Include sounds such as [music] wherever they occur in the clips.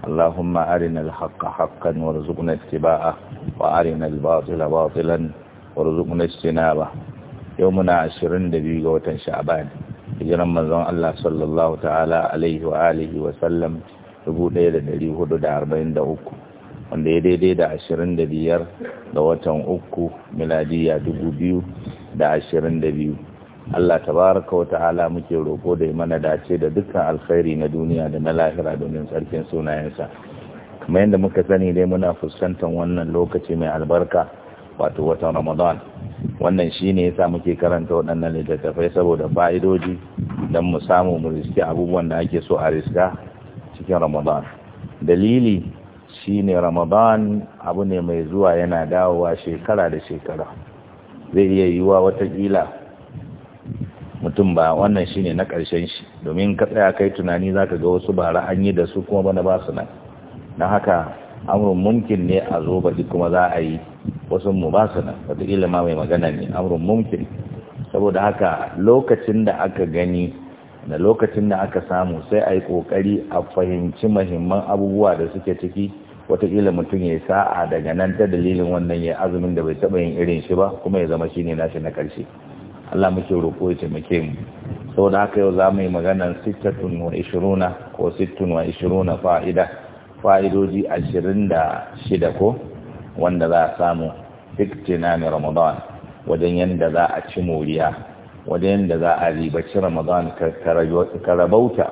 اللهم أرنا الحق حقا وارزقنا اتباعه وأرنا Yau muna وارزقنا اجتنابه يومنا عشرين دبيغة وتنشعبان hijiran manzon Allah sallallahu ta'ala alaihi wa alihi wa da 1443 wanda ya daidai da biyar ga watan uku miladiya 2022 Allah tabaraka wa ta'ala muke roko da mana dace da dukkan alkhairi na duniya da na lahira domin tsarkin sunayensa kamar yadda muka sani dai muna fuskantar wannan lokaci mai albarka wato watan Ramadan wannan shine yasa muke karanta waɗannan littattafai saboda fa'idoji don mu samu mu riski abubuwan da ake so a riska cikin Ramadan dalili shine Ramadan abu ne mai zuwa yana dawowa shekara da shekara zai iya yiwuwa watakila mutum ba wannan shine na ƙarshen shi domin ka tsaya kai tunani zaka ga wasu bara an yi da su kuma bana ba su nan na haka amurin mumkin ne a zo baki kuma za a yi wasu mu ba su nan wataƙila ma mai magana ne amurin mumkin saboda haka lokacin da aka gani da lokacin da aka samu sai a yi ƙoƙari a fahimci mahimman abubuwa da suke ciki wataƙila mutum ya sa'a daga nan ta dalilin wannan ya azumin da bai taɓa yin irin shi ba kuma ya zama shi ne nashi na ƙarshe Allah muke roƙo ya taimake mu saboda haka yau za mu yi magana 26 ko 26 fa'ida fa'idoji 26 ko wanda za a samu na ramadan wajen yadda za a ci moriya wajen yadda za a ribaci ramadan karabauta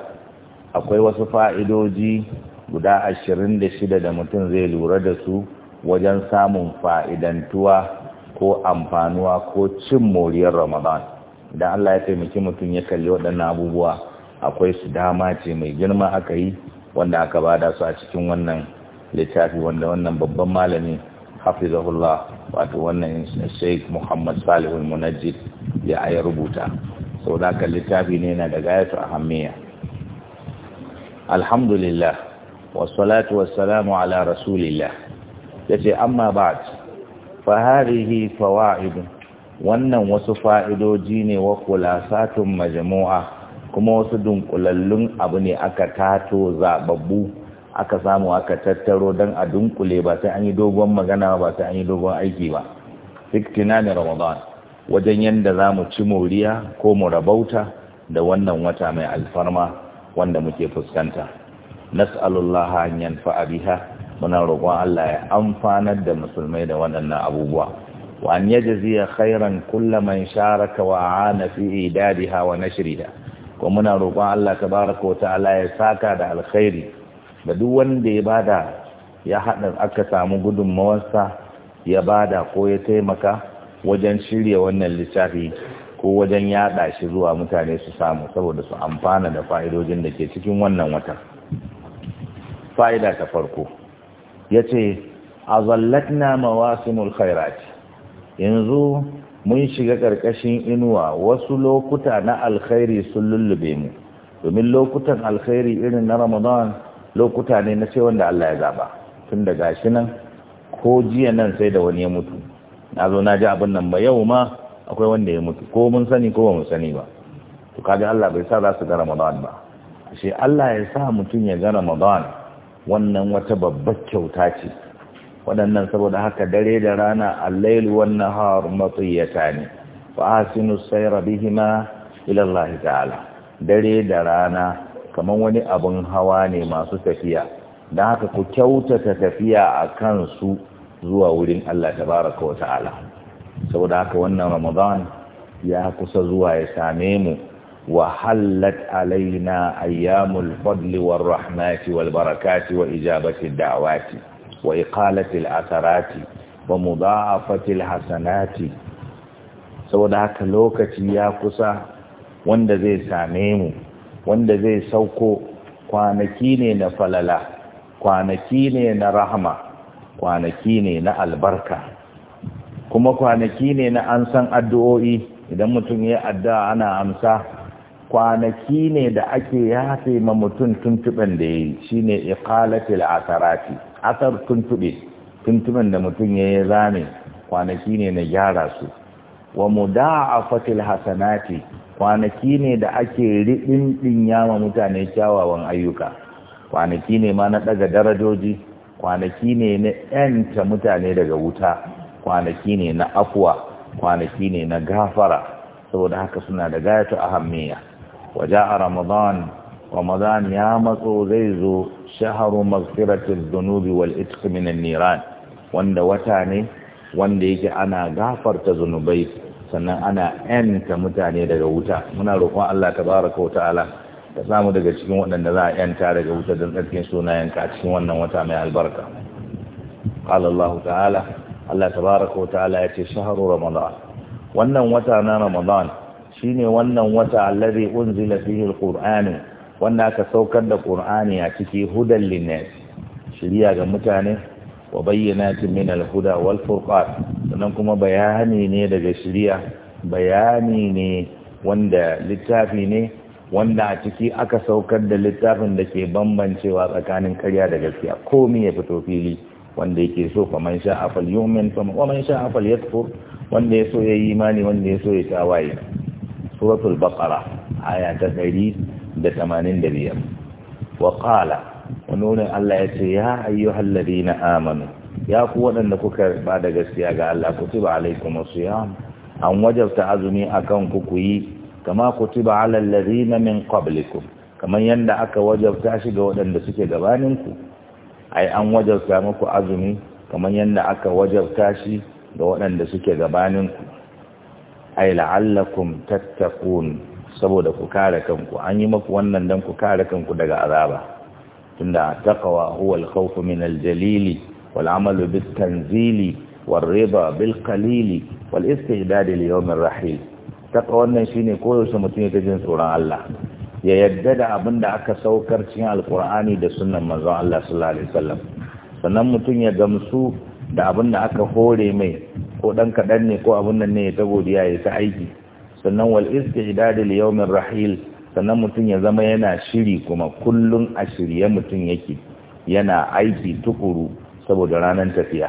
akwai wasu fa'idoji guda 26 da mutum zai lura da su wajen samun fa'idantuwa ko amfanuwa ko cin moriyar ramadan idan Allah ya taimaki mutum ya kalli waɗannan abubuwa akwai su dama ce mai girma aka yi wanda aka bada su a cikin wannan littafi wanda wannan babban malami hafizahullah wato wannan sheikh muhammad salihul munajjid ya aya rubuta sau da aka littafi ne na da gayatu hamiya alhamdulillah wasu salatu wasu salamu ala rasulillah ya ce amma ba'd فهذه fawa'idun wannan wasu fa'idoji ne wa kulasatun majmu'a kuma wasu dunkulallun abu ne aka tato zababbu aka samu aka tattaro don a dunkule ba sai an yi dogon magana ba sai an yi dogon aiki ba fiktina ne ramadan wajen yadda za mu ci moriya ko mu rabauta da wannan wata mai alfarma wanda muke fuskanta nas'alullaha an yanfa'a biha muna roƙon Allah ya amfanar da musulmai da waɗannan abubuwa wa an yajziya khairan kullu man sharaka wa aana fi idadiha wa nashriha ko muna roƙon Allah tabaaraka wa ta'ala ya saka da alkhairi da duk wanda ya bada ya hada aka samu sa ya bada ko ya taimaka wajen shirya wannan lissafi ko wajen yada shi zuwa mutane su samu saboda su amfana da fa'idojin da ke cikin wannan wata fa'ida ta farko ya ce a zallatna mawasimul khairati yanzu mun shiga ƙarƙashin inuwa wasu lokuta na alkhairi sun lullube mu domin lokutan alkhairi irin na ramadan lokuta ne na ce wanda Allah ya zaba tun da gashi nan ko jiya nan sai da wani ya mutu na zo na ji abin nan ba yau ma akwai wanda ya mutu ko mun sani ko ba mu sani ba to kaga Allah bai sa za su ga ramadan ba shi Allah ya sa mutum ya ga ramadan wannan wata babbar kyauta ce waɗannan saboda haka dare da rana allailu wannan nahar matiyata ne fa asinu sayra bihima ila Allah ta'ala dare da rana kaman wani abun hawa ne masu tafiya dan haka ku kyautata tafiya a su zuwa wurin Allah tabaraka wa ta'ala saboda haka wannan Ramadan ya kusa zuwa ya same mu alaina وحلت علينا أيام الفضل والرحمة والبركات وإجابة bamu وإقالة الأثرات ومضاعفة الحسنات saboda haka lokaci ya kusa wanda zai same mu wanda zai sauko kwanaki ne na falala kwanaki ne na rahama kwanaki ne na albarka kuma kwanaki ne na an san addu'o'i idan mutum ya addu'a ana amsa kwanaki ne da ake yafe ma mutum tuntuɓen da ya yi shi ne a asarati asar tuntuɓe tuntuɓen da mutum ya yi zame kwanaki ne na gyara su wa mu da fatil hasanati kwanaki ne da ake riɗin ɗinya ma mutane kyawawan ayyuka kwanaki ne ma na ɗaga darajoji kwanaki ne na ‘yanta mutane daga wuta kwanaki ne na afuwa kwanaki ne na gafara saboda haka suna da gayatu ahammiya وجاء رمضان رمضان يا مطو زيزو شهر مغفرة الذنوب والإتق من النيران وند وتاني wanda yake ana gafarta zunubai sannan ana yanta mutane daga wuta muna roƙon Allah tabaraka wa ta'ala ka samu daga cikin waɗanda za a yanta daga wuta don tsarkin sunayenka a cikin wannan wata mai albarka qala ta'ala Allah tabaraka wa ta'ala yace shahru ramadan wannan wata na ramadan shine wannan wata allazi unzila fihi alqur'anu wanda aka saukar da qur'ani a ciki hudan linnas shiriya ga mutane wa bayyanati min alhuda wal furqan sannan kuma bayani ne daga shiriya bayani ne wanda littafi ne wanda a ciki aka saukar da littafin da ke bambancewa tsakanin karya da gaskiya komi ya fito fili wanda yake so man sha'a fal yu'min fa man sha'a fal yakfur wanda ya so ya yi imani wanda ya so ya tawaye suratul baqara aya ta 185 wa qala wannan Allah ya ce ya ayyuhal ladina amanu ya ku waɗanda kuka ba da gaskiya ga Allah kutiba alaikum siyam an wajabta azumi akan ku ku yi kama kutiba alal ladina min qablikum kaman yanda aka wajabta shi ga waɗanda suke gabanin ku ai an wajabta muku azumi kamar yanda aka wajabta shi ga waɗanda suke gabanin ku ay la'allakum tattaqun saboda ku kare kanku an yi maku wannan dan ku kare kanku daga azaba tunda taqwa huwa al-khawf min al-jalili wal 'amalu bit-tanzili war-riba bil-qalili wal-istihdad li yawm ar-rahil taqwa wannan shine koyaushe mutum ya jin tsoron Allah ya yadda da abinda aka saukar cikin alkur'ani da sunnan manzon Allah sallallahu alaihi wasallam sannan mutum ya gamsu da abinda aka hore mai ko dan kaɗan ne ko abun nan ne ya tago godiya ya ta aiki sannan wal istidad li yawmin rahil sannan mutum ya zama yana shiri kuma kullum a shirye mutum yake yana aiki tukuru saboda ranar tafiya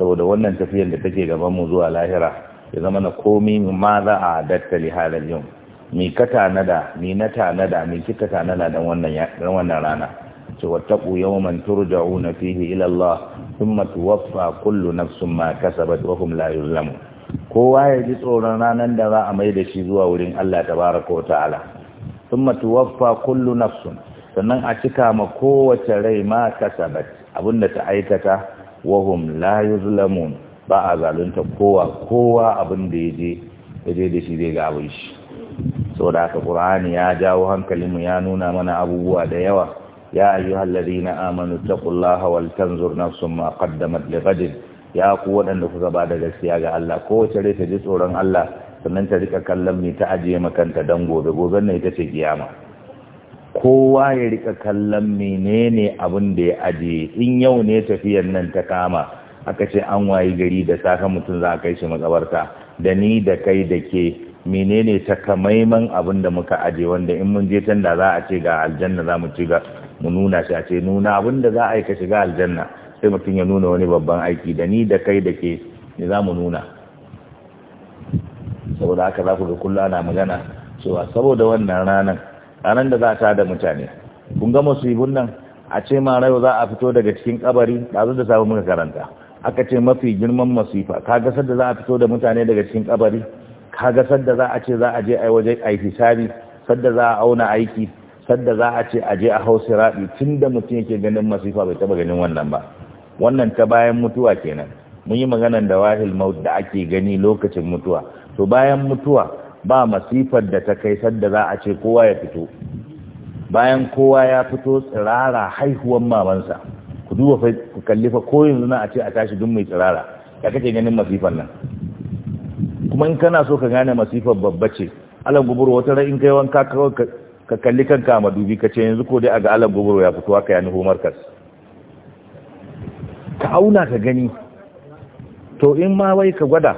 saboda wannan tafiyar da take gaban mu zuwa lahira ya zama na komai ma za a datta li halal yau mi ka tanada mi na tanada mi kika tanada don wannan wannan rana ce wattaqu yawman turja'una fihi ila Allah ثم توفى كل نفس ma كسبت وهم لا يظلمون kowa ya ji tsoron ranar da za a mai da shi zuwa wurin Allah tabaraka wa ta'ala thumma tuwaffa kullu nafsin sannan a cika ma kowace rai ma kasabat abinda ta aikata wa hum la yuzlamun ba a zalunta kowa kowa abinda da ya je da shi zai ga abin shi saboda haka qur'ani ya jawo hankalinmu ya nuna mana abubuwa da yawa يا أيها الذين آمنوا اتقوا الله ولتنظر نفس ما قدمت لغد يا قوة ga بعد kowace الله قوة ليس جسورا الله sannan ta rika kallon mai ta ajiye makanta don gobe gobe na ita ce kiyama kowa ya rika kallon menene abin da ya ajiye in yau ne tafiyar nan ta kama aka ce an wayi gari da safe mutum za a kai shi makabarta da ni da kai da ke menene takamaiman abin da muka ajiye wanda in mun je tanda za a ce ga aljanna za mu ci ga mu nuna shi a ce nuna abin da za a yi ka shiga aljanna sai mutum ya nuna wani babban aiki da ni da kai da ke ne za mu nuna saboda haka za ku ga kullum ana magana cewa saboda wannan ranar ranar da za ta da mutane kun ga musibin nan a ce ma za a fito daga cikin kabari ɗazu da sabon muka karanta aka ce mafi girman masifa ka gasar da za a fito da mutane daga cikin kabari ka gasar da za a ce za a je a waje a hisabi sadda za a auna aiki sadda za a ce aje a hausa siraɗi tun da mutum yake ganin masifa bai taɓa ganin wannan ba wannan ta bayan mutuwa kenan mun yi maganan da wahil maut da ake gani lokacin mutuwa to bayan mutuwa ba masifar da ta kai sadda za a ce kowa ya fito bayan kowa ya fito tsirara haihuwan mamansa ku duba fa ku kallifa ko yanzu na a ce a tashi duk mai tsirara ya kake ganin masifar nan kuma in kana so ka gane masifar babba ce alan guburu wata ra in kai wanka kawai ka kalli kanka a madubi ka ce yanzu ko dai a ga alam gobaro ya fito haka ya nufo markas ka auna ka gani to in ma wai ka gwada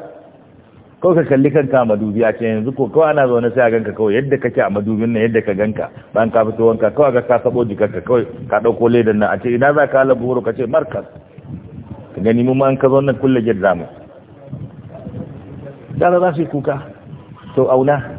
kawai ka kalli kanka a madubi a ce yanzu ko kawai ana zaune sai a ganka kawai yadda kake a madubin nan yadda ka ganka bayan ka fito wanka kawai ga ka sabo jikarka kawai ka ɗauko ledan nan a ce ina za ka alam gobaro ka ce markas ka gani mu ma an ka zaune nan kulle gidda mu dara za su yi kuka to auna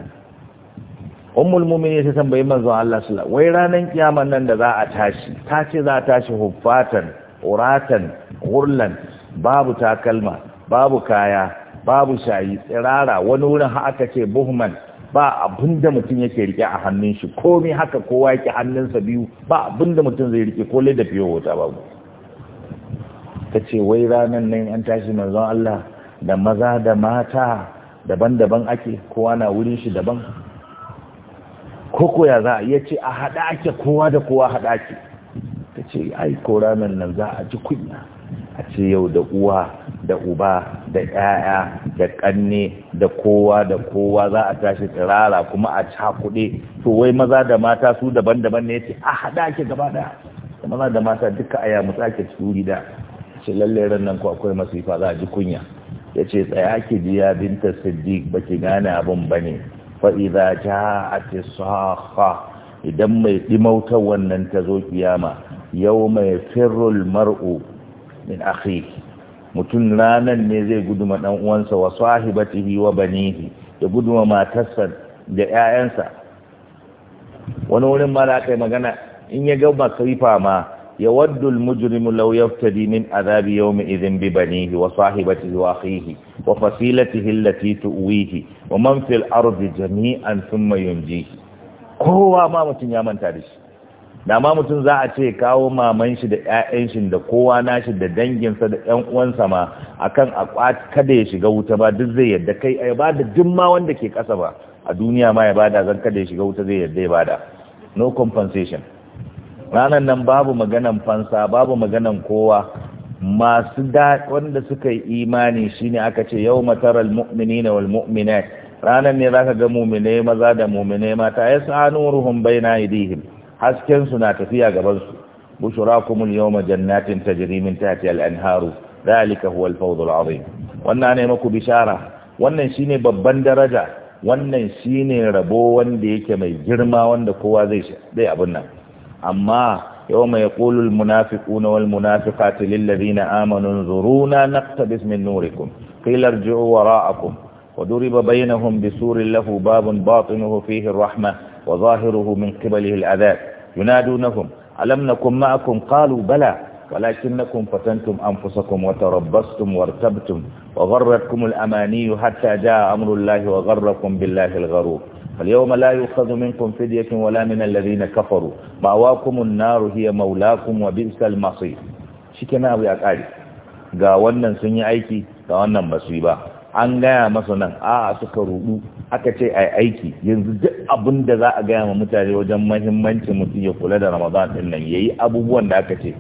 ummul mu'minin ta tambayi manzon Allah sallallahu wai ranan kiyaman nan da za a tashi ta ce za a tashi huffatan uratan gurlan babu takalma babu kaya babu shayi tsirara wani wurin ha aka ce buhman ba abin da mutum yake rike a hannun shi komai haka kowa yake hannunsa biyu ba abin da mutum zai rike ko da fiye wata babu ta ce wai ranan nan an tashi manzon Allah da maza da mata daban-daban ake kowa na wurin shi daban ko ya za a iya ce a haɗa ake kowa da kowa haɗa ake ta ce ai ko ranar nan za a ji kunya a ce yau da uwa da uba da 'ya'ya da ƙanne da kowa da kowa za a tashi tsirara kuma a cakuɗe to wai maza da mata su daban-daban ne ce a haɗa ake gaba ɗaya da maza da mata duka aya mu tsake tsuri da ce lalle ran ko akwai masifa za a ji kunya ya ce tsaya ki biya binta siddiq ki gane abin ba ne fa'iza ja a ce idan mai ɗimautar wannan ta zo kiyama yau mai firul mar'u min ake. mutum ranan ne zai guduma ɗan uwansa wa sahibatihi wa banihi ya guduma matarsa da ‘ya'yansa wani wurin mara magana in ya ga masifa ma يود المجرم لو يفتدي من عذاب wa ببنيه وصاحبته وأخيه وفصيلته التي تؤويه ومن في الأرض جميعا ثم ينجيه kowa ma ya manta da shi da ma mutum za a ce kawo maman shi da ƴaƴan shi da kowa nashi da danginsa da ƴan uwansa ma akan a kada ya shiga wuta ba duk zai yadda kai bada duk ma wanda ke kasa ba a duniya ma ya bada zan kada ya shiga wuta zai yadda ya bada no compensation ranar nan babu maganan fansa babu maganan kowa masu da wanda suka yi imani shine aka ce yau mataral na al mu'minat ranar ne zaka ga mu'mine maza da mu'mine mata yasanuruhum baina aydihim hasken su na tafiya gaban su bushurakumul yawma majannatin ta jirimin tahtiha al anharu dhalika huwa al fawz azim wannan ne muku bishara wannan shine babban daraja wannan shine rabo wanda yake mai girma wanda kowa zai zai abun nan amma yau yawma yaqulu almunafiquna walmunafiqati lilladhina amanu nzuruna naqtabis min nurikum qila irji'u wara'akum wadriba bainahum bisurin lahu babun batinuhu fihi arrahma wa zahiruhu min qibalihi al'adab yunadunahum alam nakum ma'akum qalu bala walakinnakum fatantum anfusakum wa tarabbastum wartabtum wa gharratkum al'amani hatta ja'a amrullahi wa gharrakum billahi al فاليوم لا يؤخذ منكم فدية ولا من الذين كفروا ماواكم النار هي مولاكم وبئس المصير شكنا ابو يقاري ga wannan sun yi aiki ga wannan ba yi ba an gaya masa nan a suka ruɗu. aka ce ai aiki yanzu duk abin da za a gaya ma mutane wajen mahimmancin mutum ya kula da ramadan din nan yayi abubuwan da aka ce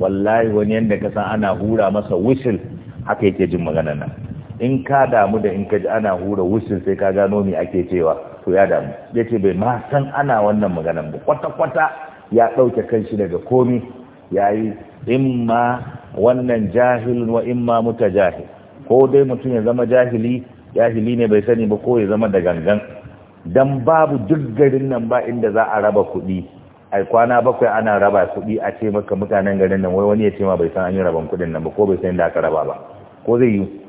wallahi wani yanda ka san ana hura masa whistle haka yake jin magana nan in ka damu da in ka ji ana hura whistle sai ka gano me ake cewa to ya damu ya ce bai ma san ana wannan maganar ba kwata-kwata ya ɗauke kanshi daga komi ya yi imma wannan jahilun wa imma muta jahil ko dai mutum ya zama jahili jahili ne bai sani ba ko ya zama da gangan dan babu duk garin nan ba inda za a raba kuɗi ai kwana bakwai ana raba kuɗi a ce maka mutanen garin nan wai wani ya ce ma bai san an yi raban kuɗin nan ba ko bai san da aka raba ba ko zai yi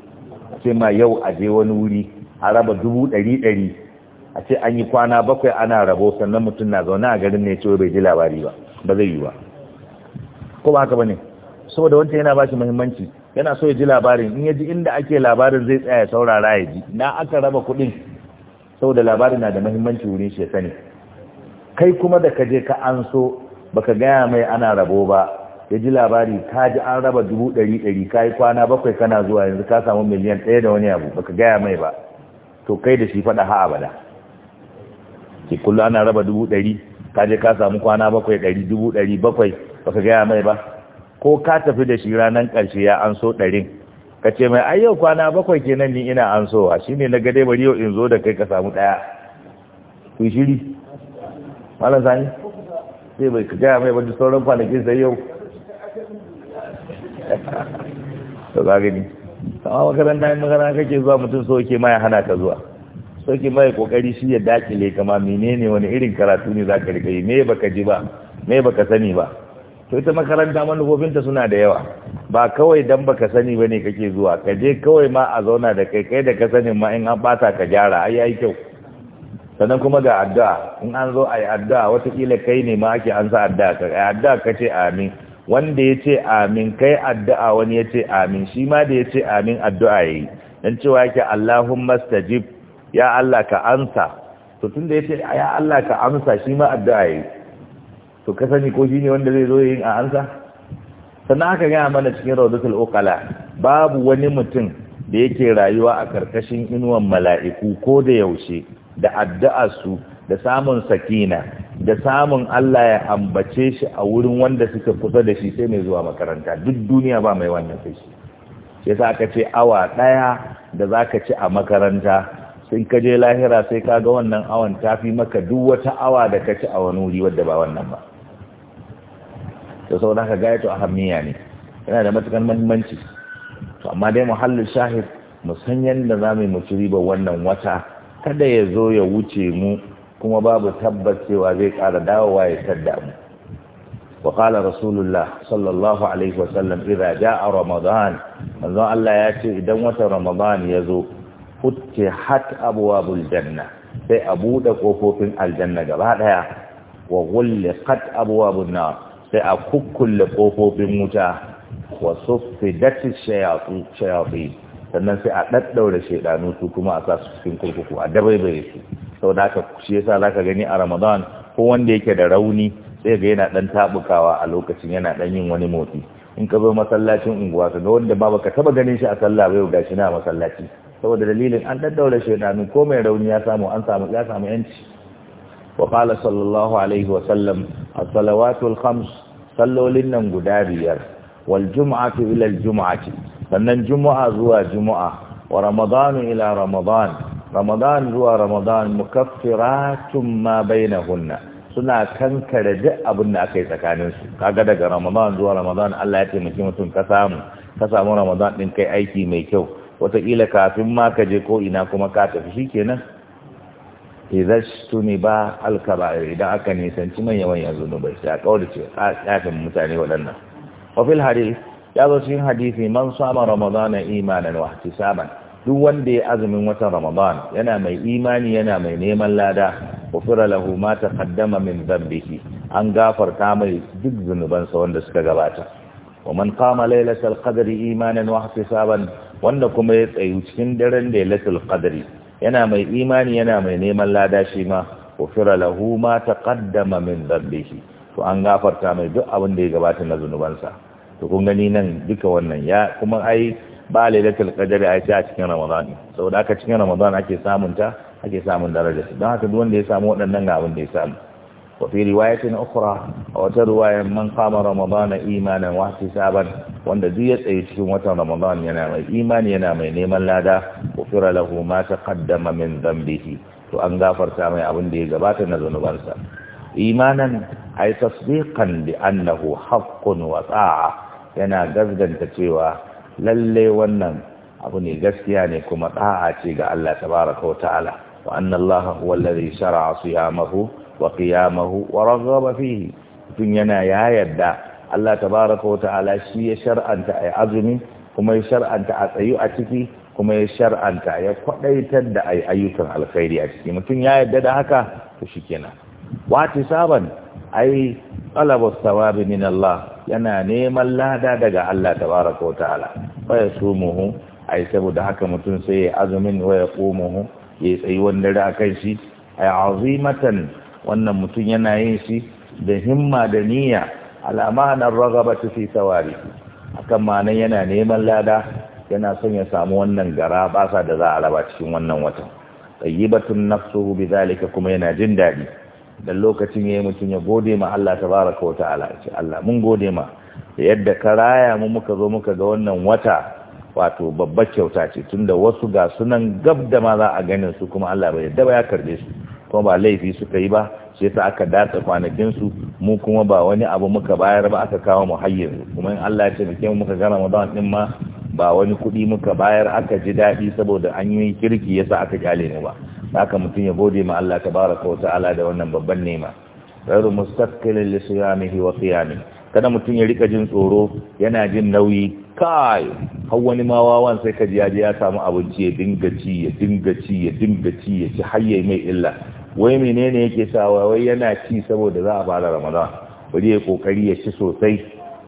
ce ma yau a je wani wuri a raba dubu ɗari ɗari a ce an yi kwana bakwai ana rabo sannan mutum na zaune a garin ne ce bai ji labari ba ba zai yi ba ko ba haka ne saboda wancan yana bashi muhimmanci yana so ya ji labarin in ya ji inda ake labarin zai tsaya ya saurara ya ji na aka raba kuɗin saboda labarin na da muhimmanci wurin shi ya sani kai kuma da ka je ka an so baka gaya mai ana rabo ba ya ji labari ka ji an raba dubu ɗari ɗari ka yi kwana bakwai kana zuwa yanzu ka samu miliyan ɗaya da wani abu baka gaya mai ba to kai da shi faɗa ha abada ke kullu ana raba dubu ɗari ka je ka samu kwana bakwai ɗari dubu ɗari bakwai ba ka gaya mai ba ko ka tafi da shi ranar ƙarshe ya an so ɗarin ka ce mai ai yau kwana bakwai kenan ni ina an sowa shine na gade bari yau in zo da kai ka samu ɗaya ku shiri malam sani sai bai ka gaya mai ba duk sauran kwanakin sai yau [laughs] to ka gani amma makaranta yin makaranta kake zuwa mutum so ke ma ya hana ka zuwa sauki mai kokari shi ya dakile kama menene wani irin karatu ne za ka rika yi me baka ji ba me baka sani ba to ita makaranta manufofinta suna da yawa ba kawai dan baka sani ba ne kake zuwa ka je kawai ma a zauna da kai kai da ka sani ma in an bata ka gyara ai ai kyau sannan kuma ga addu'a in an zo ayi addu'a watakila kai ne ma ake an sa addu'a ka ai addu'a ka ce amin wanda ya ce amin kai addu'a wani ya ce amin shi ma da ya ce amin addu'a yayi dan cewa yake Allahumma stajib ya Allah ka amsa to tun da ya ce ya Allah ka amsa shi ma addu'a yi to ka sani ko shi ne wanda zai zo yin a amsa sannan aka gaya mana cikin raudatul uqala babu wani mutum da yake rayuwa a karkashin inuwan mala'iku ko da yaushe da addu'ar su da samun sakina da samun Allah ya ambace shi a wurin wanda suka kusa da shi sai mai zuwa makaranta duk duniya ba mai wannan sai shi sai sa aka ce awa daya da zaka ci a makaranta sai ka je lahira sai ka ga wannan awon ta fi maka duk wata awa da ka ci a wani wuri wadda ba wannan ba to sau da ka gaya to ahammiya ne yana da matukar mahimmanci to amma dai muhallin shahid mu san yadda za mu ci riba wannan wata kada ya zo ya wuce mu kuma babu tabbas cewa zai kara dawowa ya tadda mu wa رسول rasulullah sallallahu Ramadan. wa sallam jaa ramadan manzon Allah ya ce idan wata Ramadan ya zo hat abwabul janna sai a bude kofofin aljanna gaba daya wa kat abwabun na sai a kukkulle kofofin wuta wa suffidat shayatin shayatin sannan sai a daddaure shedanu su kuma a sasu cikin kurkuku a dabaibaye su saboda haka shi yasa zaka gani a Ramadan ko wanda yake da rauni sai ga yana dan tabukawa a lokacin yana dan yin wani motsi in ka zo masallacin unguwa ka wanda ba baka taba ganin shi a sallah bai ga shi na masallaci saboda dalilin an daddaura shaidanu ko mai rauni ya samu an samu ya samu yanci wa qala sallallahu alaihi wa sallam as-salawatul khams sallolin nan guda biyar wal jum'atu ila al jum'ati sannan jumu'a zuwa jumu'a wa ramadanu ila ramadan ramadan zuwa ramadan mukaffiratun ma bainahunna suna kankare duk abin da aka yi tsakaninsu kaga daga ramadan zuwa ramadan Allah ya taimaki mutum ka samu ka samu ramadan din kai aiki mai kyau wataƙila kafin ma ka je ko ina kuma ka tafi shi kenan izastuni ba alkaba'ir idan aka nisanci manya manyan zunubai sai a kawar ce a mutane waɗannan Ofil hadis ya zo cikin hadisi man sama ramadana imanin wa saman. duk wanda ya azumin watan ramadan yana mai imani yana mai neman lada ofira lahu ma min min biki, an gafarta mai duk zunubansa wanda suka gabata wa man qama lailatul qadri imanan wa ihtisaban wanda kuma ya tsayu cikin daren laylatul qadri yana mai imani yana mai neman lada shi ma ufira lahu ma taqaddama min dhanbihi to an gafarta mai duk abin da ya gabata na zunubansa to kun gani nan duka wannan ya kuma ai ba laylatul qadri ai a cikin ramadan saboda haka cikin ramadan ake samun ta ake samun darajar don haka duk wanda ya samu waɗannan ga abin da ya samu وفي رواية أخرى وترواية من قام رمضان إيمانا واحتسابا وأن ديت أيتكم وتن رمضان ينام إيمان ينام نيما لادا غفر له ما تقدم من ذنبه وأن غافر سامي أبن دي قباتنا ذنوبانسا إيمانا أي تصديقا بأنه حق وطاعة ينا قصدا تتوى للي ونن أبني قسياني كما طاعة تيغا الله تبارك وتعالى وأن الله هو الذي شرع صيامه wa qiyamahu wa raghaba fihi tun yana ya yarda Allah tabaraka wa ta'ala shi ya shar'anta ay azumi kuma ya shar'anta a tsayu a ciki kuma ya shar'anta ya kwadaitar da ay ayyukan alkhairi a ciki mutum ya yarda da haka to shikenan wa tisaban ay talaba thawabi min Allah yana neman lada daga Allah tabaraka wa ta'ala fa yasumuhu ai saboda haka mutum sai ya azumin wa ya qumuhu ya tsayi wanda a akan shi ay azimatan wannan mutum yana yin shi da himma da niyya alamanar ragabatu fi a akan ma'anan yana neman lada yana son ya samu wannan gara basa da za a raba cikin wannan watan tayyibatun nafsuhu zalika kuma yana jin daɗi dan lokacin yayi mutum ya gode ma Allah ta wataala ce Allah mun gode ma da yadda ka raya mu muka zo muka ga wannan wata wato babbar kyauta ce tunda wasu ga sunan gab da ma za a ganin su kuma Allah bai yadda ba ya karbe su kuma ba laifi suka yi ba shi yasa aka datsa kwanakinsu mu kuma ba wani abu muka bayar ba aka kawo mu hayyar kuma in Allah ya ce muke muka ga dan din ma ba wani kuɗi muka bayar aka ji daɗi saboda an yi kirki yasa aka kyale mu ba haka mutum ya gode ma Allah tabaraka wa ta'ala da wannan babban nema ghairu mustaqilin li siyamihi wa qiyamihi kada mutum ya rika jin tsoro yana jin nauyi kai har wani ma wawan sai kaji ya ya samu abinci ya dinga ci ya dinga ci ya dinga ci ya ci har yayi mai illa wai menene yake sawa wai yana ci saboda za a fara ramadan bari ya kokari ya ci sosai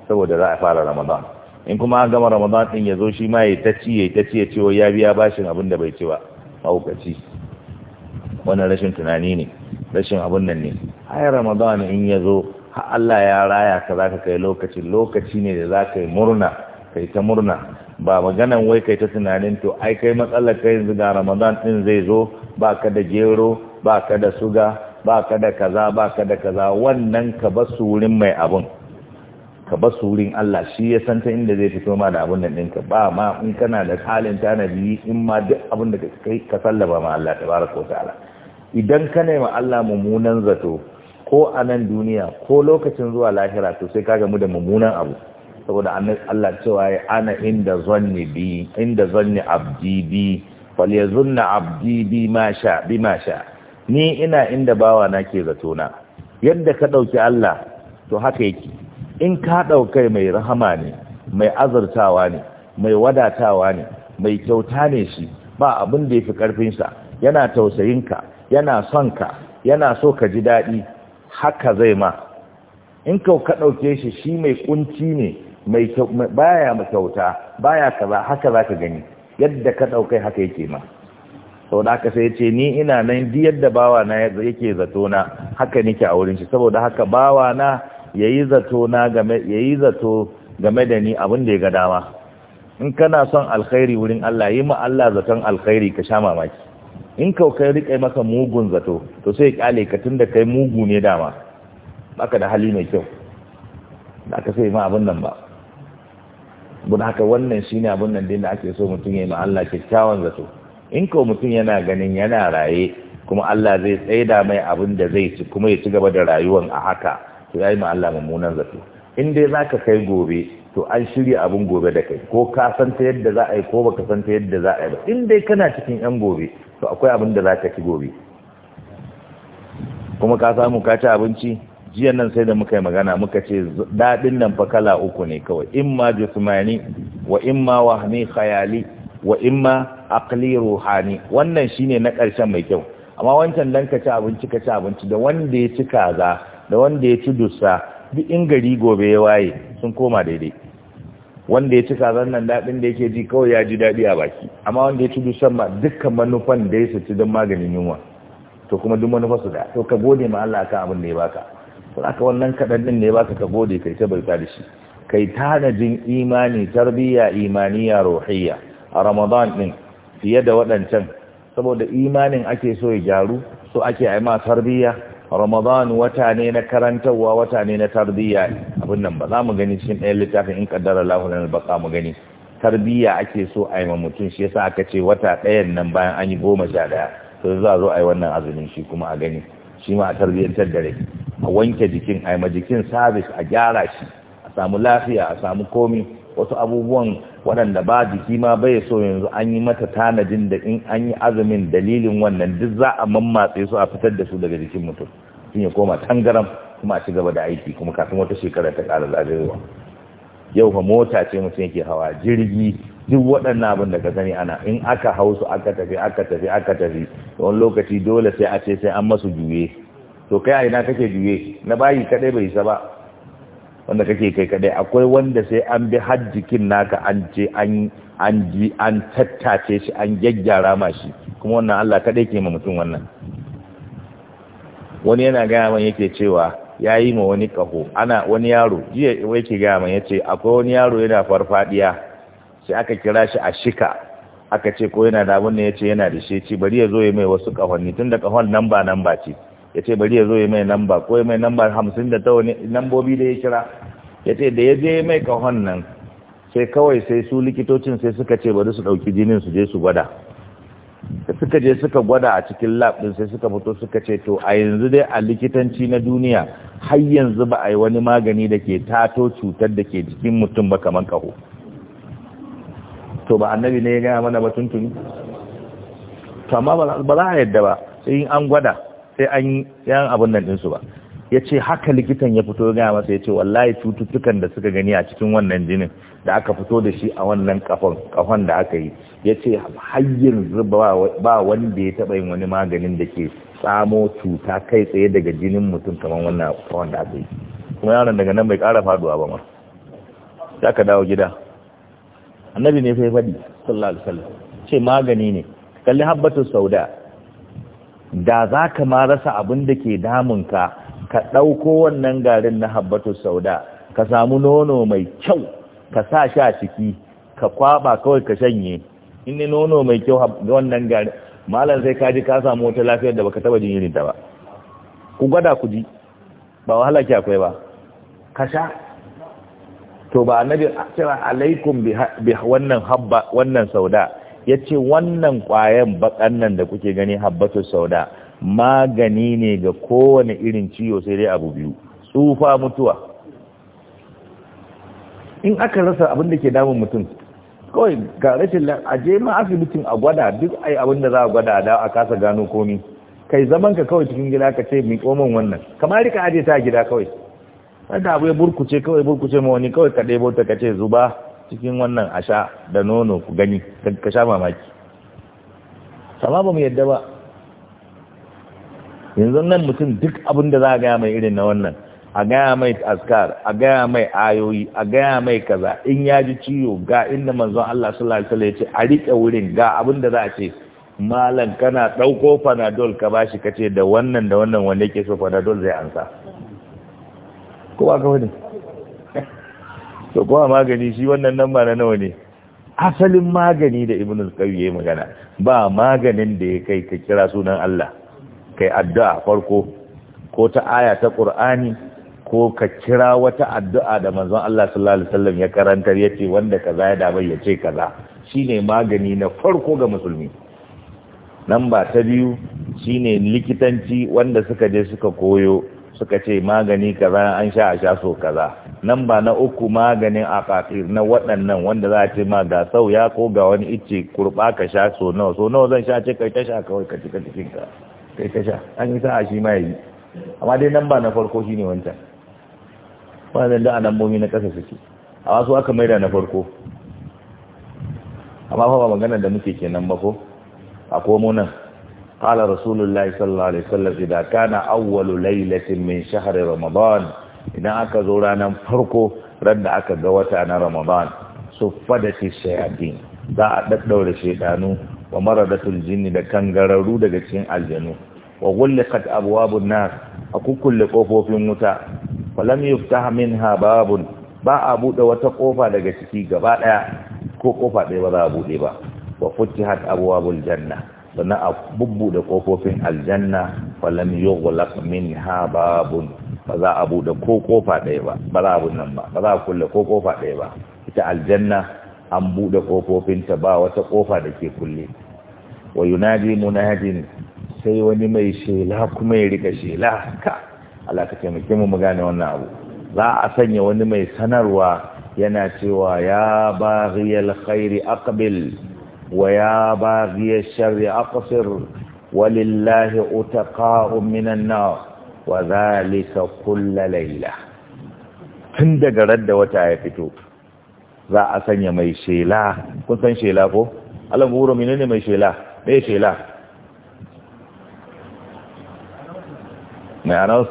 saboda za a fara ramadan in kuma an gama ramadan din ya zo shi ma ya ta ci ya ta ci ya ce wai ya biya bashin abin da bai ci ba mahaukaci wannan rashin tunani ne rashin abin nan ne ai ramadan in ya zo Allah ya raya ka za ka kai lokaci lokaci ne da za ka yi murna kai ta murna ba maganan wai kai ta tunanin to ai kai matsalar kai yanzu ga ramadan din zai zo ba ka da gero ba ka da suga ba ka da kaza ba ka da kaza wannan ka ba surin mai abun ka ba surin Allah shi ya san ta inda zai fito ma da abun nan ɗinka ba ma in kana da halin tanadi in ma duk abun da kai ka sallaba ma Allah tabaraka wa ta'ala idan ka nema Allah mummunan zato ko a nan duniya ko lokacin zuwa lahira to sai ka mu da mummunan abu saboda Allah cewa ya ana inda zanni bi inda zanni abdi bi yazunna abdi bi ma sha bi ma sha ni ina inda bawa na ke zato na yadda ka ɗauki Allah to haka yake in ka ɗaukai mai rahama ne mai azurtawa ne mai wadatawa ne mai kyauta ne shi ba abin da ya fi ƙarfinsa yana tausayinka yana son ka yana so ka ji daɗi haka zai ma in ka ɗauke shi shi mai ƙunci ne mai baya kyauta baya kaza haka za ka gani yadda ka ɗaukai haka yake ma sau da aka sai ce ni ina nan diyar da bawa na yake zato na haka nike a wurin shi saboda haka bawa na yayi zato na game yayi zato game da ni abin da ya ga dama in kana son alkhairi wurin Allah yi ma Allah zaton alkhairi ka sha mamaki in kau kai rike maka mugun zato to sai kyale ka tunda kai mugu ne dama baka da hali mai kyau da aka sai ma abin nan ba bu haka wannan shine abin nan da ake so mutum ya yi ma Allah kyakkyawan zato in ko mutum yana ganin yana raye kuma Allah zai tsaida mai abin da zai ci kuma ya ci gaba da rayuwan a haka to yayi ma Allah mummunan zato in dai zaka kai gobe to an shirya abin gobe da kai ko ka san ta yadda za a yi ko baka san ta yadda za a yi ba in dai kana cikin yan gobe to akwai abin da za ka ci gobe kuma ka samu ka ci abinci jiya nan sai da muka yi magana muka ce daɗin nan fa kala uku ne kawai in ma jismani wa in ma wahmi khayali wa imma aqli ruhani wannan shine na ƙarshen mai kyau amma wancan dan ka ci abinci ka ci abinci da wanda ya ci kaza da wanda ya ci dussa duk in gari gobe ya waye sun koma daidai wanda ya ci kaza nan daɗin da yake ji kawai ya ji daɗi a baki amma wanda ya ci dusan ma dukkan manufan da ya saci don maganin yunwa to kuma duk manufar su da to ka gode ma Allah akan abin da ya baka to aka wannan kaɗan ɗin da ya baka ka gode kai ta bauta da shi kai tanajin imani tarbiyya imaniya ruhiyya a ramadan ɗin fiye da waɗancan saboda imanin ake so ya gyaru so ake a ma tarbiyya ramadan wata ne na karantarwa wata ne na tarbiyya abin nan ba za mu gani cikin ɗayan littafin in kaddara lahu lana baqa mu gani tarbiyya ake so a ma mutum shi yasa aka ce wata ɗayan nan bayan an yi goma sha ɗaya to za zo a yi wannan azumin shi kuma a gani shi ma a tarbiyyantar da rai a wanke jikin a ma jikin sabis a gyara shi a samu lafiya a samu komi wasu abubuwan waɗanda ba jiki ma bai so yanzu an yi mata tanadin da in an yi azumin dalilin wannan duk za a mammatse su a fitar da su daga jikin mutum sun ya koma tangaram kuma a ci gaba da aiki kuma kafin wata shekara ta ƙara zagayowa yau fa mota ce mutum yake hawa jirgi duk waɗannan abin da ka sani ana in aka hau su aka tafi aka tafi aka tafi wani lokaci dole sai a ce sai an masu juye to kai a ina kake juye na bayi kaɗai bai isa ba wanda kake kai kadai akwai wanda sai an bi hajjikin naka an ce an ji an tattace shi an gyaggyara ma shi kuma wannan Allah kadai ke ma mutum wannan wani yana gaya man yake cewa ya yi ma wani kaho ana wani yaro jiya yake gaya man yace akwai wani yaro yana farfadiya sai aka kira shi a shika aka ce ko yana da abin ya yace yana da shi ci bari ya zo ya mai wasu kahonni tunda kahon nan ba nan ba ce ya ce bari ya zo ya mai namba ko ya mai namba hamsin da ta nambobi da ya kira ya ce da ya je mai kahon nan sai kawai sai su likitocin sai suka ce bari su ɗauki jinin su je su gwada da suka je suka gwada a cikin lab din sai suka fito suka ce to a yanzu dai a likitanci na duniya har yanzu ba a yi wani magani da ke tato cutar da ke jikin mutum ba kamar kaho to ba annabi ne ya gaya mana ba tuntuni to amma ba za a yadda ba sai an gwada sai an yi yan abin nan ɗinsu ba ya ce haka likitan ya fito gaya masa ya ce wallahi cututtukan da suka gani a cikin wannan jinin da aka fito da shi a wannan kafan da aka yi ya ce hayyin ba wanda ya taɓa yin wani maganin da ke samo cuta kai tsaye daga jinin mutum kamar wannan kafan da aka yi kuma yaron daga nan bai ƙara faduwa ba ma ya ka dawo gida annabi ne fai ya faɗi sallallahu alaihi wasallam ce magani ne kalli habbatu sauda da za ka ma rasa abin da ke damun ka ka ɗauko wannan garin na habbatu sauda ka samu nono mai kyau ka sa shi a ciki ka kwaba kawai ka shanye in nono mai kyau wannan garin malam sai ka ka samu wata lafiyar da baka taba jini ta ba ku gwada ku ji ba wahala ki akwai ba ka sha to ba annabi cewa alaikum bi wannan habba wannan sauda ya ce wannan ƙwayan baƙan nan da kuke gani habbatu sauda magani ne ga kowane irin ciwo sai dai abu biyu tsufa mutuwa in aka rasa abin da ke damun mutum kawai ga rashin a je ma asibitin a gwada duk ai abin da za a gwada da a kasa gano komi kai zaman ka kawai cikin gida ka ce miƙo wannan kamar ka aje ta gida kawai wanda abu ya burkuce kawai burkuce ma wani kawai ka ɗebo ta ka ce zuba cikin wannan asha da nono ku gani ka sha mamaki sama ba mu yadda ba yanzu nan mutum duk abin da za a gaya mai irin na wannan a gaya mai askar a gaya mai ayoyi a gaya mai kaza in ya ji ciwo ga inda manzon Allah sallallahu alaihi wasallam ya ce a rike wurin ga abin da za a ce malam kana ɗauko panadol ka bashi kace da wannan da wannan wanda yake so panadol zai ansa ko ba ka wani to kuma magani shi wannan nan ba na nawa ne asalin magani da ibn al-qayyim yayi magana ba maganin da ya kai ka kira sunan Allah kai addu'a farko ko ta aya ta Qur'ani ko ka kira wata addu'a da manzon Allah sallallahu alaihi wasallam ya karantar yace wanda kaza ya da yace kaza shine magani na farko ga musulmi namba ta biyu shine likitanci wanda suka je suka koyo suka ce magani kaza an sha a sha so kaza nan ba na uku maganin akatir na waɗannan wanda za a ce ma ga sauya ko ga wani icce kurɓa ka sha so nawa so nawa zan sha ce kai ta sha kawai ka ka cikin ka kai ka sha an yi sa'a shi ma yi amma dai nan ba na farko shi ne wancan wannan da alamomi na ƙasa suke a wasu aka maida na farko amma fa ba maganar da muke kenan ba ko a komo nan قال رسول الله صلى الله عليه وسلم إذا كان أول ليلة من شهر رمضان إذا أكا زورانا فرقو رد أكا قوتانا رمضان سفدت الشياطين ذا أدت دور الشيطان ومرضت الجن دا كان غررو دا جتين الجنو وغلقت أبواب الناس أكو كل قوفو في المتا ولم يفتح منها باب با أبو دا وتقوفا دا جتكي قبالا كو قوفا دي ولا أبو دي با وفتحت أبواب الجنة sannan a bubbuɗe ƙofofin aljanna falam yughlaq minha babun ba za a bude ko kofa ɗaya ba ba za a bude nan ba ba za a kulle ko kofa ɗaya ba ita aljanna an buɗe kofofin ta ba wata ƙofa da ke kulle wa yunadi munadin sai wani mai shela kuma ya rika shela ka Allah ka taimake mu mu gane wannan abu za a sanya wani mai sanarwa yana cewa ya baghiyal khairi aqbil ويا باغي الشر أقصر ولله أتقاء من النار وذلك كل ليلة tun daga radda wata ya fito za a sanya mai shela kun san shela ko alamuru menene mai shela mai shela mai anaus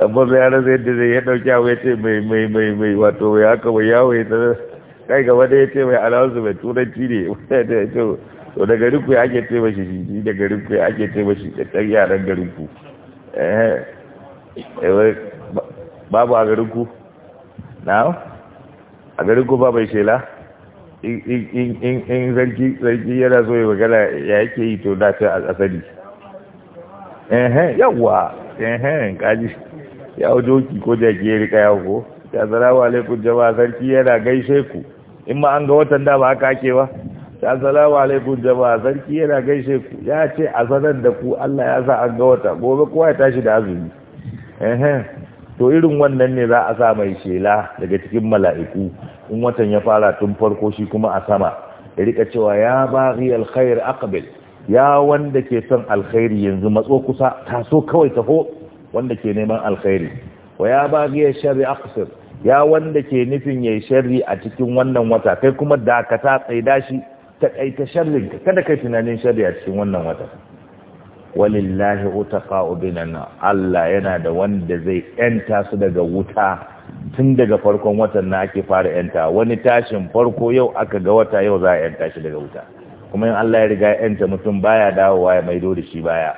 zai ya zai yadda zai ya ɗauki ya ce mai mai mai mai wato mai haka mai yawo ya tsarar kai gaba da ya ce mai alawansu mai turanci ne wanda ya ce to da garin ku ake ce mashi shi da garin ku ake ce mashi ɗan yaran garin ku eh, eh, babu a garin ku na a garin ku ba mai shela in zarki yana so ya magana ya yake yi to da ta asali eh, yawwa kaji ya doki ko jaki ya rika yawo ko ya wa alaikum jama'a sarki yana gaishe ku in ma an ga watan da ba haka ake ba ya wa alaikum jama'a sarki yana gaishe ku ya ce a sanar da ku Allah ya sa an ga wata gobe kowa ya tashi da azumi to irin wannan ne za a sa mai shela daga cikin mala'iku in watan ya fara tun farko shi kuma a sama ya rika cewa ya baghi alkhair aqbil ya wanda ke son alkhairi yanzu matso kusa taso kawai taho wanda ke neman alkhairi wa ya baghiya sharri aqsir ya wanda ke nufin yayi sharri a cikin wannan wata kai kuma dakata tsaida shi ta ta sharrin kada kai tunanin sharri a cikin wannan wata walillahi utaqa'u binana Allah yana da wanda zai yanta su daga wuta tun daga farkon watan na ake fara yanta wani tashin farko yau aka ga wata yau za a yanta shi daga wuta kuma in Allah ya riga yanta mutum baya dawowa ya maido da shi baya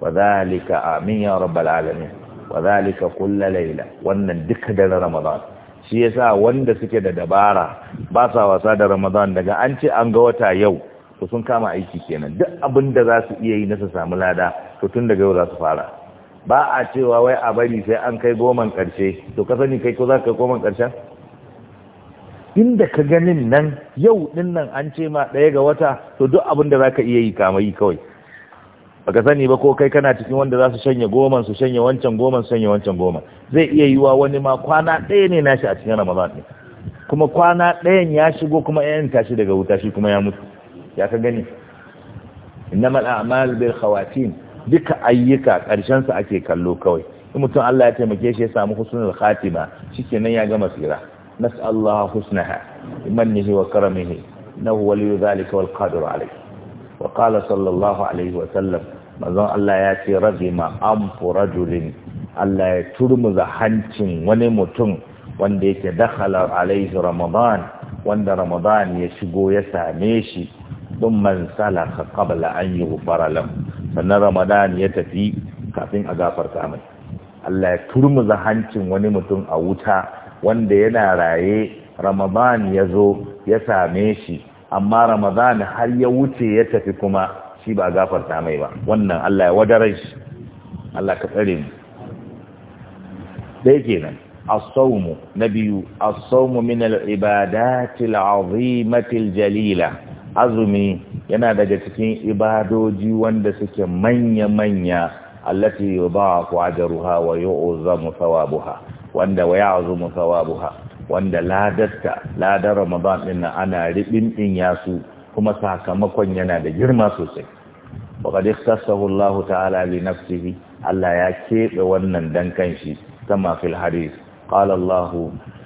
wa zalika amin ya rabbal alamin wa zalika layla wannan duka da ramadan shi yasa wanda suke da dabara ba sa wasa da ramadan daga an ce an ga wata yau to sun kama aiki kenan duk abin da za su iya yi na su samu lada to tun daga yau za su fara ba a cewa wai a bari sai an kai goman karshe to ka sani kai ko za ka kai goman karshen inda ka ganin nan yau din an ce ma ɗaya ga wata to duk abin da za ka iya yi kama yi kawai baka sani ba ko kai kana cikin wanda za su shanye goma su shanye wancan goma su shanye wancan goma zai iya yiwa wani ma kwana ɗaya ne nashi a cikin ramadan ne kuma kwana ɗayan ya shigo kuma yan tashi daga wuta shi kuma ya mutu ya ka gani innamal a'mal bil khawatin duka ayyuka karshen sa ake kallo kawai in mutum Allah ya taimake shi ya samu husnul khatima shikenan ya gama tsira nas'allahu husnaha mannihi wa karamihi nahu waliyyu zalika wal qadiru alayhi وقال صلى الله عليه وسلم mazan Allah ya ce ma amfu rajulin Allah ya turmuza hancin wani mutum wanda yake dakhala alaihi ramadan wanda ramadan ya shigo ya same shi don man salaka qabla an yi sannan ramadan ya tafi kafin a gafarta mai Allah ya turmuza hancin wani mutum a wuta wanda yana raye ramadan ya zo ya same shi amma ramadan har ya wuce ya tafi kuma shi ba gafarta mai ba wannan Allah ya wadarar shi Allah ka tsare mu dai kenan as-sawmu nabiyu as-sawmu min al-ibadati al-azimati al-jalila azumi yana daga cikin ibadoji wanda suke manya-manya allati yudha'afu ajruha wa yu'zamu thawabuha wanda wa ya'zumu thawabuha wanda ladatta ladar ramadan din ana ribin din yasu kuma sakamakon yana da girma sosai وقد اختصه الله تعالى لنفسه Allah ya keɓe wannan dankanshi, kanshi kama fil hadith qala Allah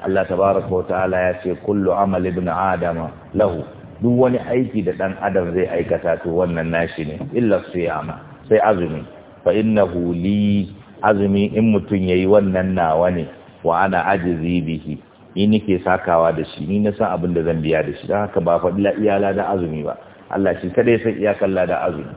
Allah wa ta'ala ya ce kullu amal ibn adama lahu duk wani aiki da ɗan adam zai aikata to wannan nashi ne illa siyama sai azumi fa innahu li azumi in mutum yayi wannan nawa ne wa ana ajzi bihi ni nake sakawa da shi ni na san abin da zan biya da shi don haka ba faɗi la iyala da azumi ba Allah shi kada ya san iyakan la da azumi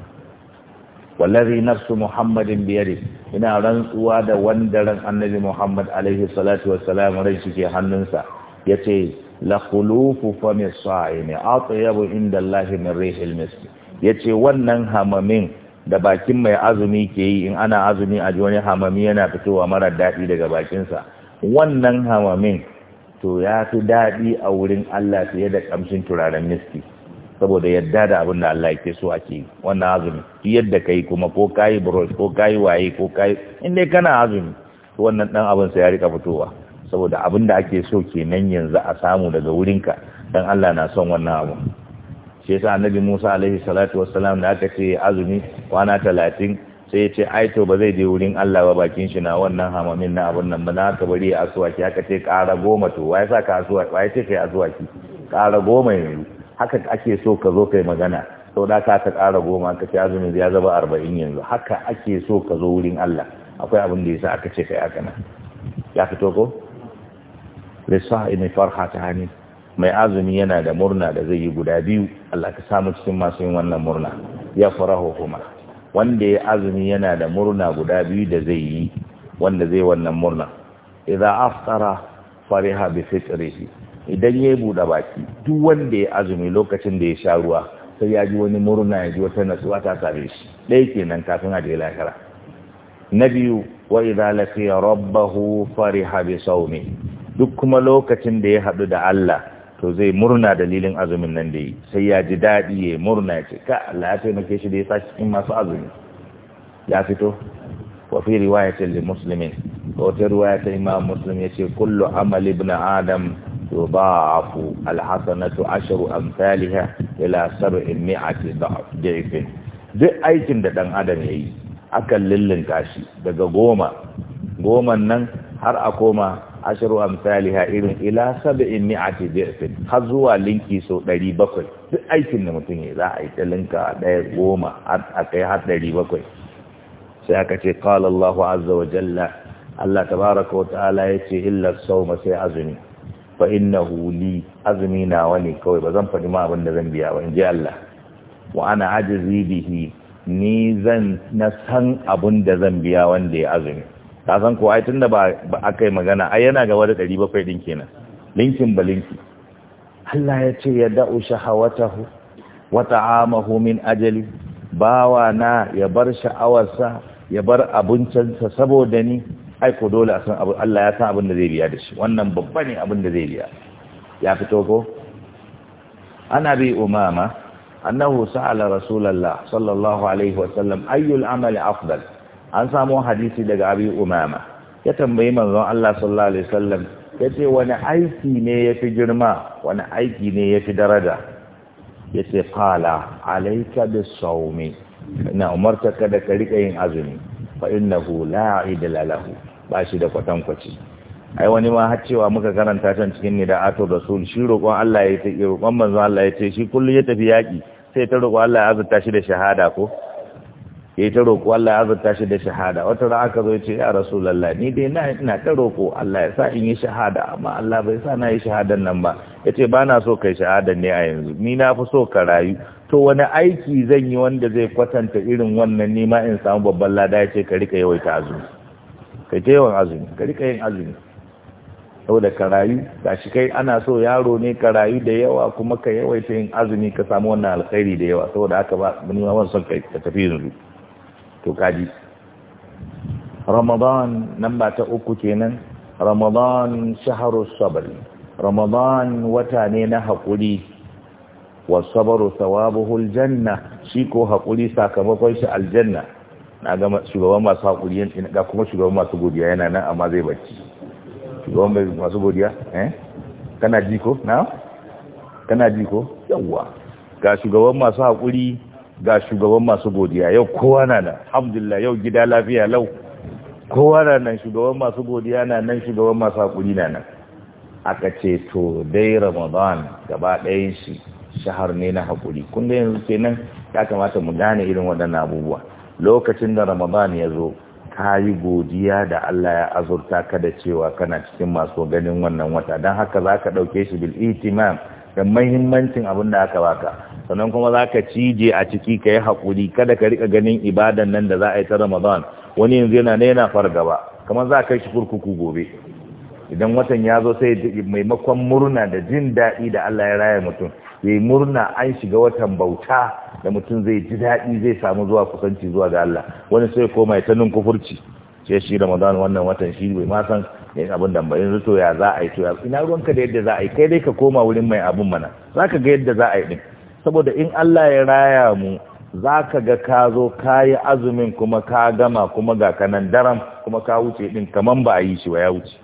wallazi nafsu muhammadin biyari ina rantsuwa da wanda ran annabi muhammad alaihi salatu wassalam ran shi ke hannunsa yace la khulufu fami sa'imi atyabu inda Allah min rihil misk yace wannan hamamin da bakin mai azumi ke yi in ana azumi a ji wani hamami yana fitowa mara daɗi daga bakinsa wannan hamamin to ya fi daɗi a wurin Allah fiye da ƙamshin turaren miski saboda yadda da abin da Allah ke so ake wannan azumi yadda yi, kuma ko kayi brush ko kayi waye ko kayi in dai kana azumi to wannan dan abin sa ya rika fitowa saboda abin da ake so ke nan yanzu a samu daga wurin ka, dan Allah na son wannan abu shi yasa annabi Musa alaihi salatu wassalam da aka ce azumi kwana talatin sai ce ai to ba zai je wurin Allah ba bakin shi na wannan hamamin na abun nan ba na ka bari a asuwaki haka ce ƙara goma to wai sa ka asuwaki wai ce kai ki ƙara goma yanzu haka ake so ka zo kai magana sau da ka ƙara goma ka ce azumi ya zaba arba'in yanzu haka ake so ka zo wurin Allah akwai abin da ya sa aka ce kai haka nan ya fito ko lissa ina farha ta hani mai azumi yana da murna da zai yi guda biyu Allah ka samu cikin masu yin wannan murna ya farahu kuma wanda ya azumi yana da murna guda biyu da zai yi wanda zai wannan murna idza aftara fariha bi fitrihi idan yayi buɗe baki duk wanda ya azumi lokacin da ya sha ruwa sai ya ji wani murna ya ji wata natsuwa ta tare shi ɗaya kenan kafin a je lahira na biyu wa idza laqiya rabbahu fariha bi sawmi duk kuma lokacin da ya haɗu da Allah to zai murna dalilin azumin nan da yi sai ya ji daɗi ya murna ya ce ka Allah ya taimake shi da ya sashi cikin masu azumi ya fito wa fi riwayatin li muslimin ta riwaya ta imam muslim ya ce kullu amal ibn adam yudha'afu ashiru ashru amsalha ila sab'in mi'ati da'fin duk aikin da dan adam yayi akan lillin kashi. daga goma goman nan har a koma ashiru amsaliha irin ila sab'in mi'ati dirfin har zuwa linki sau ɗari bakwai duk aikin da mutum ya za a yi ta linka ɗaya goma a kai har 700 sai aka ce qala Allah azza wa jalla Allah tabaraka wa ta'ala yace illar sawma sai azumi fa huli azumi na wani kawai ba zan faɗi ma abin da zan biya ba in ji Allah wa ana ajizi bihi ni zan na san abin da zan biya wanda ya azumi ka san kuwa ai tunda ba aka yi magana ai yana gaba da bakwai din kenan linkin balinki Allah ya ce ya da'u shahawatahu wa ta'amahu min ajali bawa na ya bar sha'awarsa ya bar abincinsa saboda ni ai ko dole a san abu Allah ya san abin da zai biya da shi wannan babba ne abin da zai biya ya fito ko ana bi umama annahu sa'ala rasulullah sallallahu alaihi wasallam ayyul amali afdal an samu hadisi daga abi umama ya tambayi manzon Allah sallallahu alaihi wasallam yace wani aiki ne yafi girma wani aiki ne yafi daraja yace qala alayka na ina umartaka da ka rika yin azumi fa innahu la idla lahu ba shi da kwaci ai wani ma har cewa muka karanta can cikin ato rasul shi roƙon Allah ya yi roƙon manzon Allah ya ce shi kullu ya tafi yaki sai ta roƙo Allah ya azurta shi da shahada ko ya ta roƙo Allah ya zata shi da shahada wata ran aka zo ce ya lallai ni dai na ina ta roƙo Allah ya sa in yi shahada amma Allah bai sa na yi shahadan nan ba yace ba na so kai shahadan ne a yanzu ni na fi so ka rayu to wani aiki zan yi wanda zai kwatanta irin wannan ni ma in samu babban lada yace ka rika yawaita azumi ka je yawan azumi ka rika yin azumi saboda ka rayu shi kai ana so yaro ne ka rayu da yawa kuma ka yawaita yin azumi ka samu wannan alkhairi da yawa saboda haka ba ni ma ban son ka tafi yanzu to kaji ramadan nan ba ta uku kenan ramadan shaharu sabr ramadan wata ne na haƙuri wa sabaru thawabuhu aljanna shi ko haƙuri sakamakon shi aljanna na ga shugaban masu haƙuri ga kuma shugaban masu godiya yana nan amma zai bacci shugaban masu godiya eh kana ji ko na kana ji ko yawwa ga shugaban masu haƙuri ga shugaban masu godiya yau kowa na nan alhamdulillah yau gida lafiya lau kowa na nan shugaban masu godiya na nan shugaban masu hakuri na nan aka ce to dai ramadan gaba ɗayan shi shahar ne na hakuri kun ga yanzu nan ya kamata mu gane irin waɗannan abubuwa lokacin da ramadan ya zo ka yi godiya da Allah ya azurta ka da cewa kana cikin masu ganin wannan wata don haka za ka ɗauke shi bil itimam da mahimmancin abin da aka baka sannan kuma za ka cije a ciki ka yi haƙuri kada ka riƙa ganin ibadan nan da za a yi ta ramadan wani yanzu yana na yana fargaba kamar za ka shi kurkuku gobe idan watan ya zo sai maimakon murna da jin daɗi da allah ya raya mutum ya murna an shiga watan bauta da mutum zai ji daɗi zai samu zuwa kusanci zuwa ga allah wani sai koma ya ta kufurci ce shi ramadan wannan watan shi bai ma san ne eh, abin da bayin to ya za a yi to ina ruwanka da yadda za a yi kai dai ka koma wurin mai abin mana za ka ga yadda za a yi din saboda in Allah ya raya mu za ka ga ka zo ka yi azumin kuma ka gama kuma ga kanan daram kuma ka wuce din kaman ba a yi shi ba ya wuce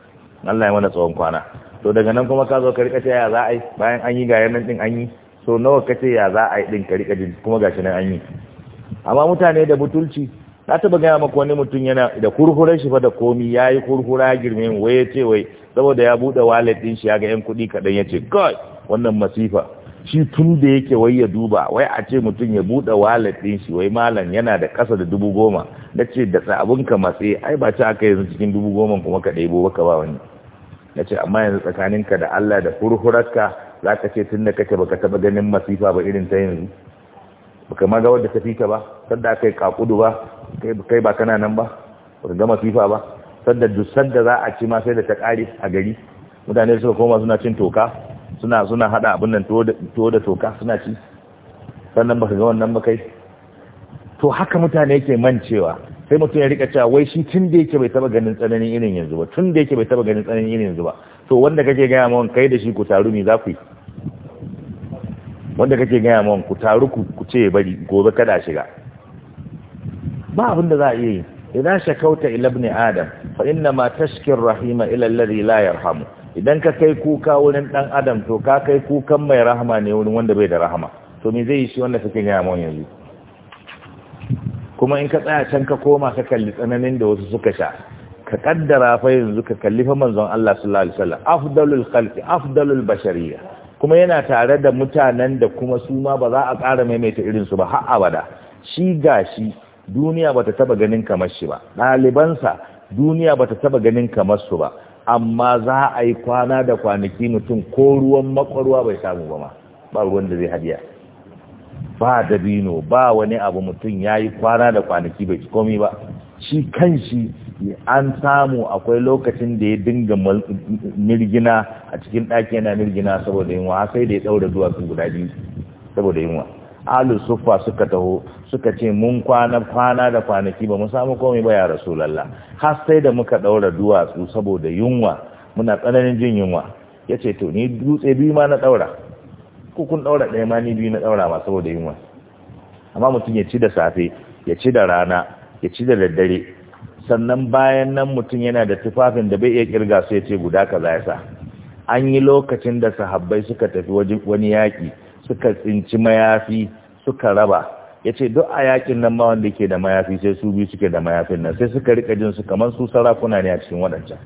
Allah ya mana tsawon kwana to daga nan kuma ka zo ka rika ya za a yi bayan an yi ga yanan din an yi so nawa ka ce ya za a yi din ka rika din kuma gashi nan an yi amma mutane da butulci na taba gaya maka wani mutum yana da kurkurar shi fa da komi ya yi kurkura girmin wai ya ce wai saboda ya buɗe walet din shi ya ga 'yan kuɗi kaɗan ya ce god wannan masifa shi tun da yake wai ya duba wai a ce mutum ya buɗe walet din shi wai malam yana da ƙasa da dubu goma na ce da tsabin ka matse ai ba ci aka yanzu cikin dubu goma kuma ka ɗebo baka ba wani na ce amma yanzu tsakaninka da Allah da kurkurarka za ka ce tun da kake baka taɓa ganin masifa ba irin ta yanzu baka ma ga wadda ta fita ba sadda aka yi kakudu ba kai ba kana nan ba ba gama fifa ba sadda dusar da za a ci ma sai da ta kare a gari mutane suka koma suna cin toka suna suna hada abin nan tuwo da toka suna ci sannan ba ka ga wannan ba kai to haka mutane yake mancewa sai mutum ya rika cewa wai shi tun da yake bai taba ganin tsananin irin yanzu ba tun da yake bai taba ganin tsananin irin yanzu ba to wanda kake gaya mawan kai da shi ku taru ne za ku yi wanda kake gaya mawan ku taru ku ce bari gobe kada shiga ba abinda za a iya yi idan shakauta ilab ne adam fa inna ma tashkir rahima ila alladhi la yarhamu idan ka kai kuka wurin dan adam to ka kai kukan mai rahama ne wurin wanda bai da rahama to me zai yi shi wanda kake gaya mun yanzu kuma in ka tsaya can ka koma ka kalli tsananin da wasu suka sha ka kaddara fa yanzu ka kalli fa manzon Allah sallallahu alaihi wasallam afdalul khalqi afdalul bashariyya kuma yana tare da mutanen da kuma su ma ba za a ƙara maimaita irin su ba har abada shi gashi duniya bata taba ganin kamar shi ba ɗalibansa duniya bata taba ganin kamar su ba amma za a yi kwana da kwanaki mutum ko ruwan makwarwa bai samu ba ma ba ruwan da zai hadiya ba dabino ba wani abu mutum ya yi kwana da kwanaki bai ci komi ba shi kan shi an samu akwai lokacin da ya dinga mirgina a cikin ɗaki yana mirgina saboda yunwa sai da ya ɗaura sun guda biyu saboda yunwa alu sufa suka taho suka ce mun kwana kwana da kwanaki ba mu samu komai ba ya rasulullah har sai da muka daura duwatsu saboda yunwa muna tsananin jin yunwa yace to ni dutse biyu ma na daura ko kun daura ɗaya ma ni biyu na daura ma saboda yunwa amma mutum ya ci da safe ya ci da rana ya ci da daddare sannan bayan nan mutum yana da tufafin da bai iya kirga su ya ce guda kaza ya sa an yi lokacin da sahabbai suka tafi wani yaƙi suka tsinci mayafi suka raba ya ce duk a yakin nan ma wanda ke da mayafi sai su biyu suke da mayafin nan sai suka rika su, kamar su sarakuna ne a cikin waɗancan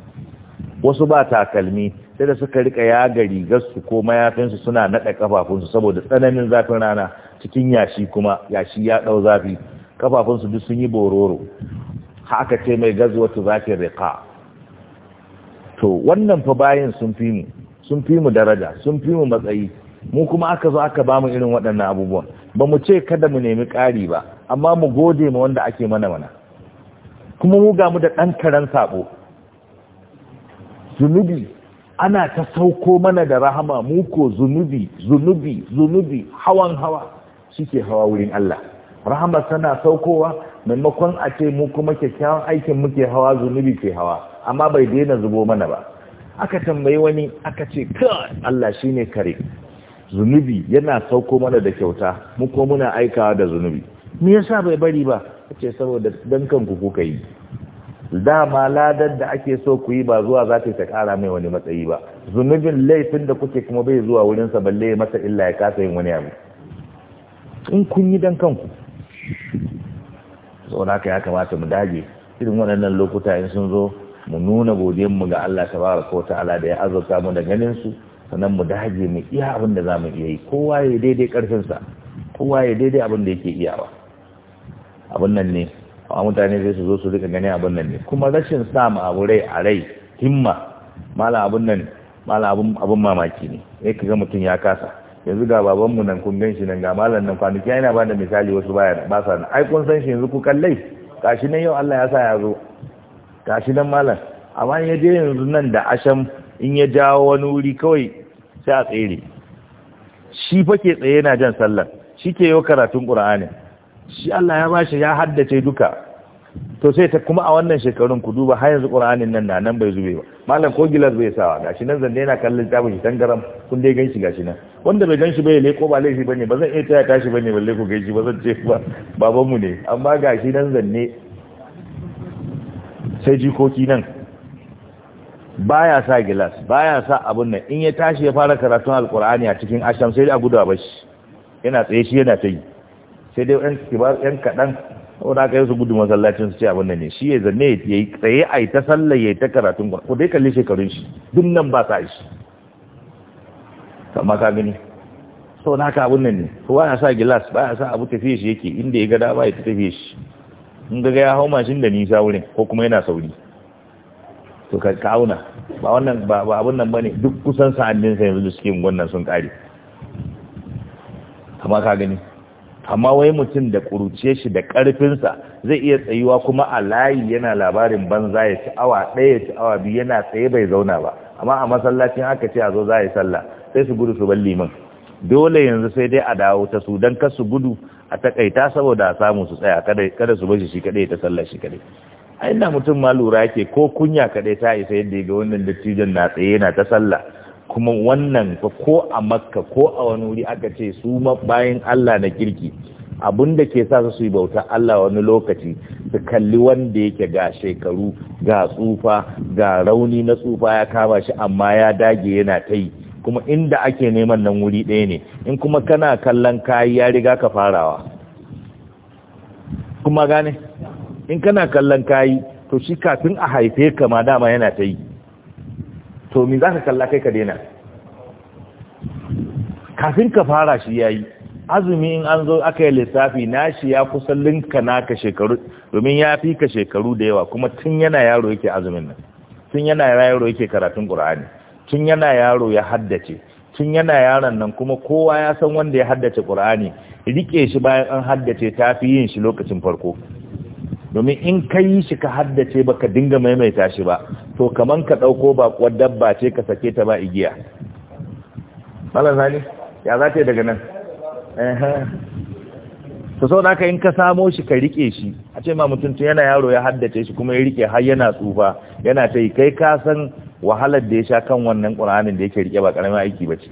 wasu ba takalmi sai da suka rika yaga rigarsu ko mayafinsu suna naɗa kafafunsu saboda tsananin zafin rana cikin yashi kuma yashi ya ɗau zafi kafafunsu duk sun yi bororo haka ce mai gazuwatu zafin riƙa to wannan fa bayin sun fi mu sun fi mu daraja sun fi mu matsayi mu kuma aka zo aka bamu irin waɗannan abubuwan ba mu ce kada mu nemi ƙari ba amma mu gode ma wanda ake mana mana kuma mu ga mu da ɗan karen saɓo zunubi ana ta sauko mana da rahama mu ko zunubi zunubi zunubi hawan hawa shike hawa wurin Allah rahama tana saukowa maimakon a ce mu kuma kyakkyawan aikin muke hawa zunubi ke hawa amma bai daina zubo mana ba aka tambayi wani aka ce kai Allah shine kare zunubi yana sauko mana da kyauta mu ko muna aikawa da zunubi me yasa bai bari ba ce saboda dan kanku kuka yi dama ladar da ake so ku yi ba zuwa za ta kara mai wani matsayi ba zunubin laifin da kuke kuma bai zuwa wurinsa balle masa illa ya kasa yin wani abu in kun yi dan kanku saboda haka ya kamata mu dage irin waɗannan lokuta in sun zo mu nuna godiyar mu ga Allah tabaraka wa ta'ala da ya azurta mu da ganin su sannan mu dage mu iya abin da mu iya yi kowa ya daidai karfin sa kowa ya daidai abin da yake iyawa abin nan ne a mutane zai su zo su rika gani abin nan ne kuma rashin sa mu abu rai a rai himma mala abin nan mala abin abin mamaki ne sai kaga mutum ya kasa yanzu ga babanmu nan kun gan shi nan ga malam nan kwanaki yana ba da misali wasu baya ba sa nan ai kun san shi yanzu ku kallai gashi nan yau Allah ya sa ya zo gashi nan malam amma ya je yanzu nan da asham in ya jawo wani wuri kawai sai a tsere shi fa ke tsaye na jan sallar shi ke yau karatun ƙura'ani shi Allah ya bashi ya haddace duka to sai ta kuma a wannan shekarun ku duba har yanzu ƙura'anin nan na nan bai zube ba malam ko gilas bai sawa shi nan zanne yana kallon tsabin shi tangaram kun dai ganshi shi nan wanda bai ganshi bai leko ba laifi bane ba zan iya taya tashi bane balle ku gaishe ba zan ce ba babanmu ne amma shi nan zanne sai jikoki nan baya sa gilas baya sa abun nan in ya tashi ya fara karatun alkur'ani a cikin asham sai dai a guda ba shi yana tsaye shi yana ta yi sai dai yan kibar yan kaɗan ko aka kai su gudu masallacin su ce abun nan ne shi ya zanne ya yi tsaye a yi ta sallah ya yi ta karatun ko dai kalli shekarun shi duk nan ba sa shi kama ka gani so na ka abin nan ne ko ya sa gilas ba ya sa abu tafiye shi yake inda ya da, ba ya tafiye shi in ga ya hau mashin da nisa wurin ko kuma yana sauri to ka auna ba wannan ba abun nan bane duk kusan sa'annin sa yanzu suke wannan sun kare amma ka gani amma wai mutum da kuruce shi da karfin sa zai iya tsayuwa kuma a layi yana labarin banza ya ci awa ɗaya ya ci awa biyu yana tsaye bai zauna ba amma a masallacin aka ce a zo za a yi sallah sai su gudu su bar liman dole yanzu sai dai a dawo ta su don kar su gudu a takaita saboda a samu su tsaya kada su bar shi shi kaɗai ta sallah shi kadai a ina mutum ma lura yake ko kunya kaɗai ta isa yadda ga wannan dattijan na tsaye yana ta sallah kuma wannan ko a makka ko a wani wuri aka ce su bayan allah na kirki abun da ke sa su yi bauta allah wani lokaci su kalli wanda yake ga shekaru ga tsufa ga rauni na tsufa ya kama shi amma ya dage yana ta yi kuma inda ake neman nan wuri ɗaya ne in kuma kana kallon kayi ya riga ka farawa kuma gane in kana kallon kayi to shi kafin a haife ka ma dama yana ta yi to mi za ka kalla kai ka daina kafin ka fara shi ya yi azumi in an zo aka yi lissafi shi ya kusan linka naka shekaru domin ya fi ka shekaru da yawa kuma tun yana yaro yake azumin nan tun yana yaro yake karatun qur'ani tun yana yaro ya haddace tun yana yaron nan kuma kowa ya san wanda ya haddace qur'ani rike shi bayan an haddace ta fi yin shi lokacin farko domin in ka yi shi ka haddace ba ka dinga maimaita shi ba to kaman ka ɗauko ba kuwa dabba ce ka sake ta ba igiya ɓalar zane ya za ta daga nan ta sau da in ka samo shi ka rike shi a ce ma mutuntun yana yaro ya haddace shi kuma ya rike har yana tsufa yana ta yi kai ka san wahalar da ya sha kan wannan ƙuranin da yake rike ba ƙaramin aiki ba ce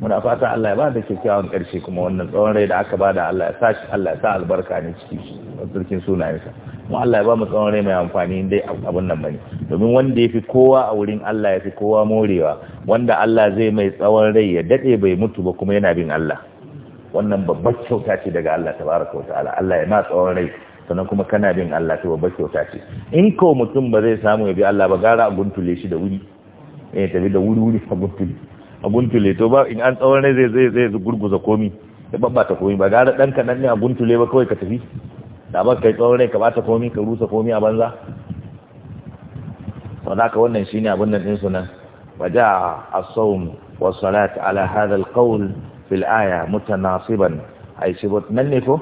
muna fata Allah ya ba da kyakkyawan ƙarshe kuma wannan tsawon rai da aka ba da Allah ya sa shi Allah ya sa albarka ne ciki sarkin sunayensa kuma Allah ya ba tsawon rai mai amfani dai abun nan bane domin wanda ya fi kowa a wurin Allah ya fi kowa morewa wanda Allah zai mai tsawon rai ya daɗe bai mutu ba kuma yana bin Allah wannan babbar kyauta ce daga Allah tabaraka wataala Allah ya ma tsawon rai sannan kuma kana bin Allah ta babbar kyauta ce in ko mutum ba zai samu ya bi Allah ba gara a guntule shi da wuri eh tafi da wuri wuri a a guntule to ba in an tsawon ne zai zai zai gurguza komi ya babbata komi ba gara dan kaɗan ne a guntule ba kawai ka tafi da ba kai tsawon ne ka bata komi ka rusa komi a banza wa za ka wannan shine abin nan ɗinsu nan ba ja as-sawm wa salat ala hadha al-qawl fil aya mutanasiban ai shi nan ne ko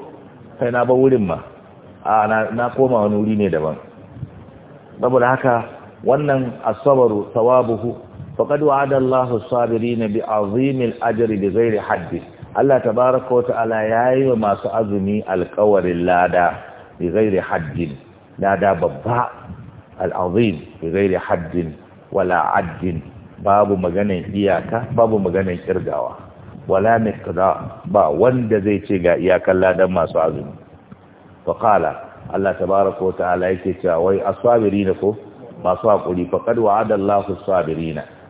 kai na ba wurin ma a na koma wani wuri ne daban saboda haka wannan asabaru thawabuhu faqad wa'ada Allahu as-sabirin bi 'azimil ajri bi ghairi hadd Allah tabaaraka wa ta'ala yayi wa masu azumi alqawarin lada bi ghairi hadd lada babba al-azim bi wala 'add babu maganan iyaka babu maganan kirgawa wala miqda ba wanda zai ce ga iyakan ladan masu azumi faqala Allah tabaaraka wa ta'ala yake cewa wai as-sabirin ko masu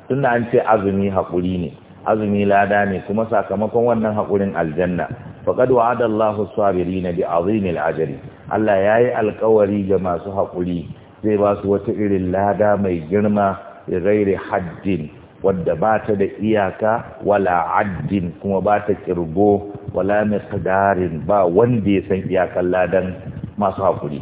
tunda an ce azumi haƙuri ne azumi lada ne kuma sakamakon wannan haƙurin aljanna faqad wa'ada Allahu as-sabirina bi 'azimil ajri Allah yayi alƙawari ga masu haƙuri zai ba su wata irin lada mai girma bi ghairi haddin wadda ba ta da iyaka wala addin kuma ba ta kirgo wala miqdarin ba wanda ya san iyakan ladan masu haƙuri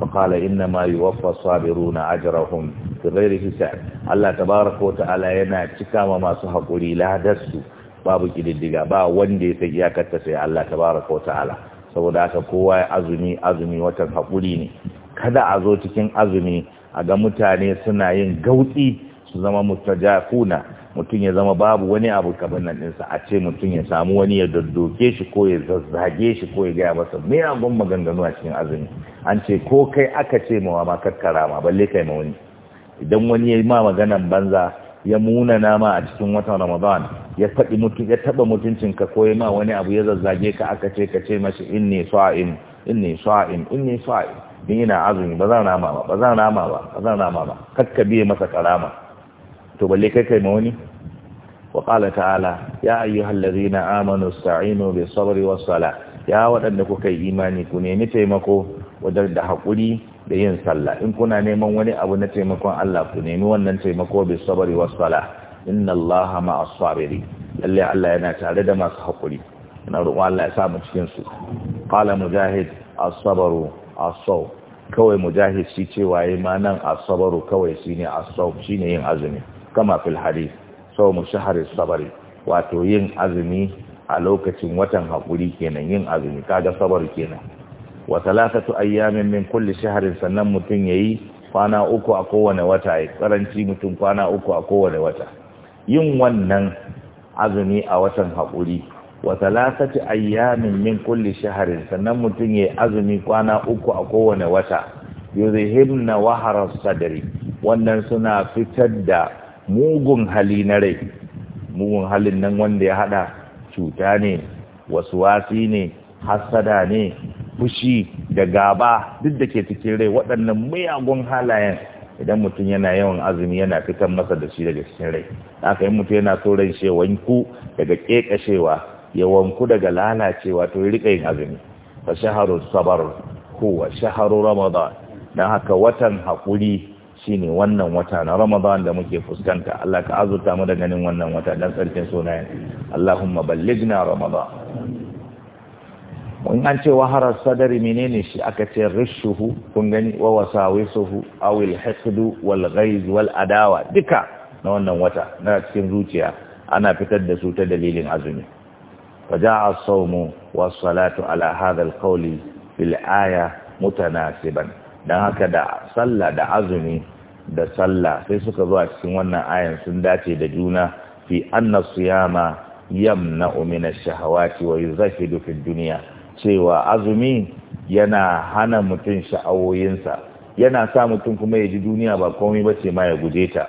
فقال إنما يوفى الصابرون أجرهم بغير حساب الله تبارك وتعالى ينا تكام ما سحقولي لا دسو babu kididdiga ba wanda ya sai iyakarta sai Allah tabaraka wa ta'ala saboda haka kowa ya azumi azumi watan haƙuri ne kada a zo cikin azumi a ga mutane suna yin gautsi su zama mutajafuna mutum ya zama babu wani abu kaban nan ɗinsa a ce mutum ya samu wani ya daddoke shi ko ya zazzage shi ko ya gaya masa miyagun maganganu a cikin azumi an ce ko kai aka ce mawa ma kakkara ma balle kai ma wani idan wani ya yi ma maganan banza ya muna ma a cikin watan ramadan ya faɗi mutum ya taɓa mutuncin ka ko ya ma wani abu ya zazzage ka aka ce ka ce mashi inni in ne sa'im inni sa'im in ina azumi ba zan rama ba ba zan rama ba ba zan rama ba kakka biye masa karama to balle kai kai ma wani wa qala ta'ala ya ayyuhallazina amanu sta'inu bis sabri was sala ya waɗanda kuka yi imani ku nemi taimako wajen da hakuri da yin sallah in kuna neman wani abu na taimakon Allah ku nemi wannan taimako bis sabri was sala inna allaha ma'as sabiri lalle Allah yana tare da masu hakuri Ina roƙon Allah ya sa mu cikin su qala mujahid as-sabru as-saw kawai mujahid shi ce waye ma nan as-sabru kawai shine as-saw shine yin azumi kama fil hadis sau mu shaharar sabari wato yin azumi a lokacin watan haƙuri kenan yin azumi kaga sabar kenan wa talatatu ayyamin min kulli shahrin sannan mutun yayi kwana uku a kowane wata ya karanci mutun kwana uku a kowane wata yin wannan azumi a watan hakuri, wa talatatu ayyamin min kulli shahrin sannan mutun yayi azumi kwana uku a kowane wata yuzhimna wahara sadri wannan suna fitar da mugun hali na rai mugun halin nan wanda ya hada cuta ne wasu wasi ne hasada ne fushi da gaba duk da ke cikin rai waɗannan miyagun halayen idan mutum yana yawan azumi yana fitan masa da shi daga cikin rai aka yi mutum yana so ran daga ƙeƙashewa ya wanku daga lalacewa to riƙa yin azumi fa shaharu sabar huwa shaharu ramadan dan haka watan haƙuri shine wannan wata na Ramadan da muke fuskanta Allah ka azurta mu da ganin wannan wata dan sarkin sunayen Allahumma ballighna Ramadan mun an ce waharar sadari menene shi aka ce rishuhu kun gani wa wasawisuhu aw al-hasdu wal ghaiz wal adawa duka na wannan wata na cikin zuciya ana fitar da su ta dalilin azumi فجاء salatu والصلاة على هذا القول في الآية متناسبا da haka da sallah da azumi da sallah sai suka zo a cikin wannan ayan sun dace da juna fi anna siyama yamna'u min ash-shahawati wa yuzahidu fi dunya cewa azumi yana hana mutum sha'awoyinsa yana sa mutum kuma ya ji duniya ba komai bace ma ya guje ta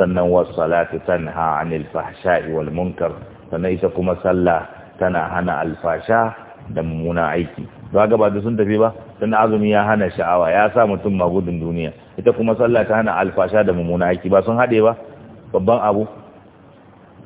sannan was-salatu tanha 'anil fahsha'i wal munkar sannan ita kuma sallah tana hana alfasha da mummuna aiki ba ga ba da sun tafi ba dan azumi ya hana sha'awa ya sa mutum magudin duniya ita kuma sallah ta hana alfasha da mummuna aiki ba sun haɗe ba babban abu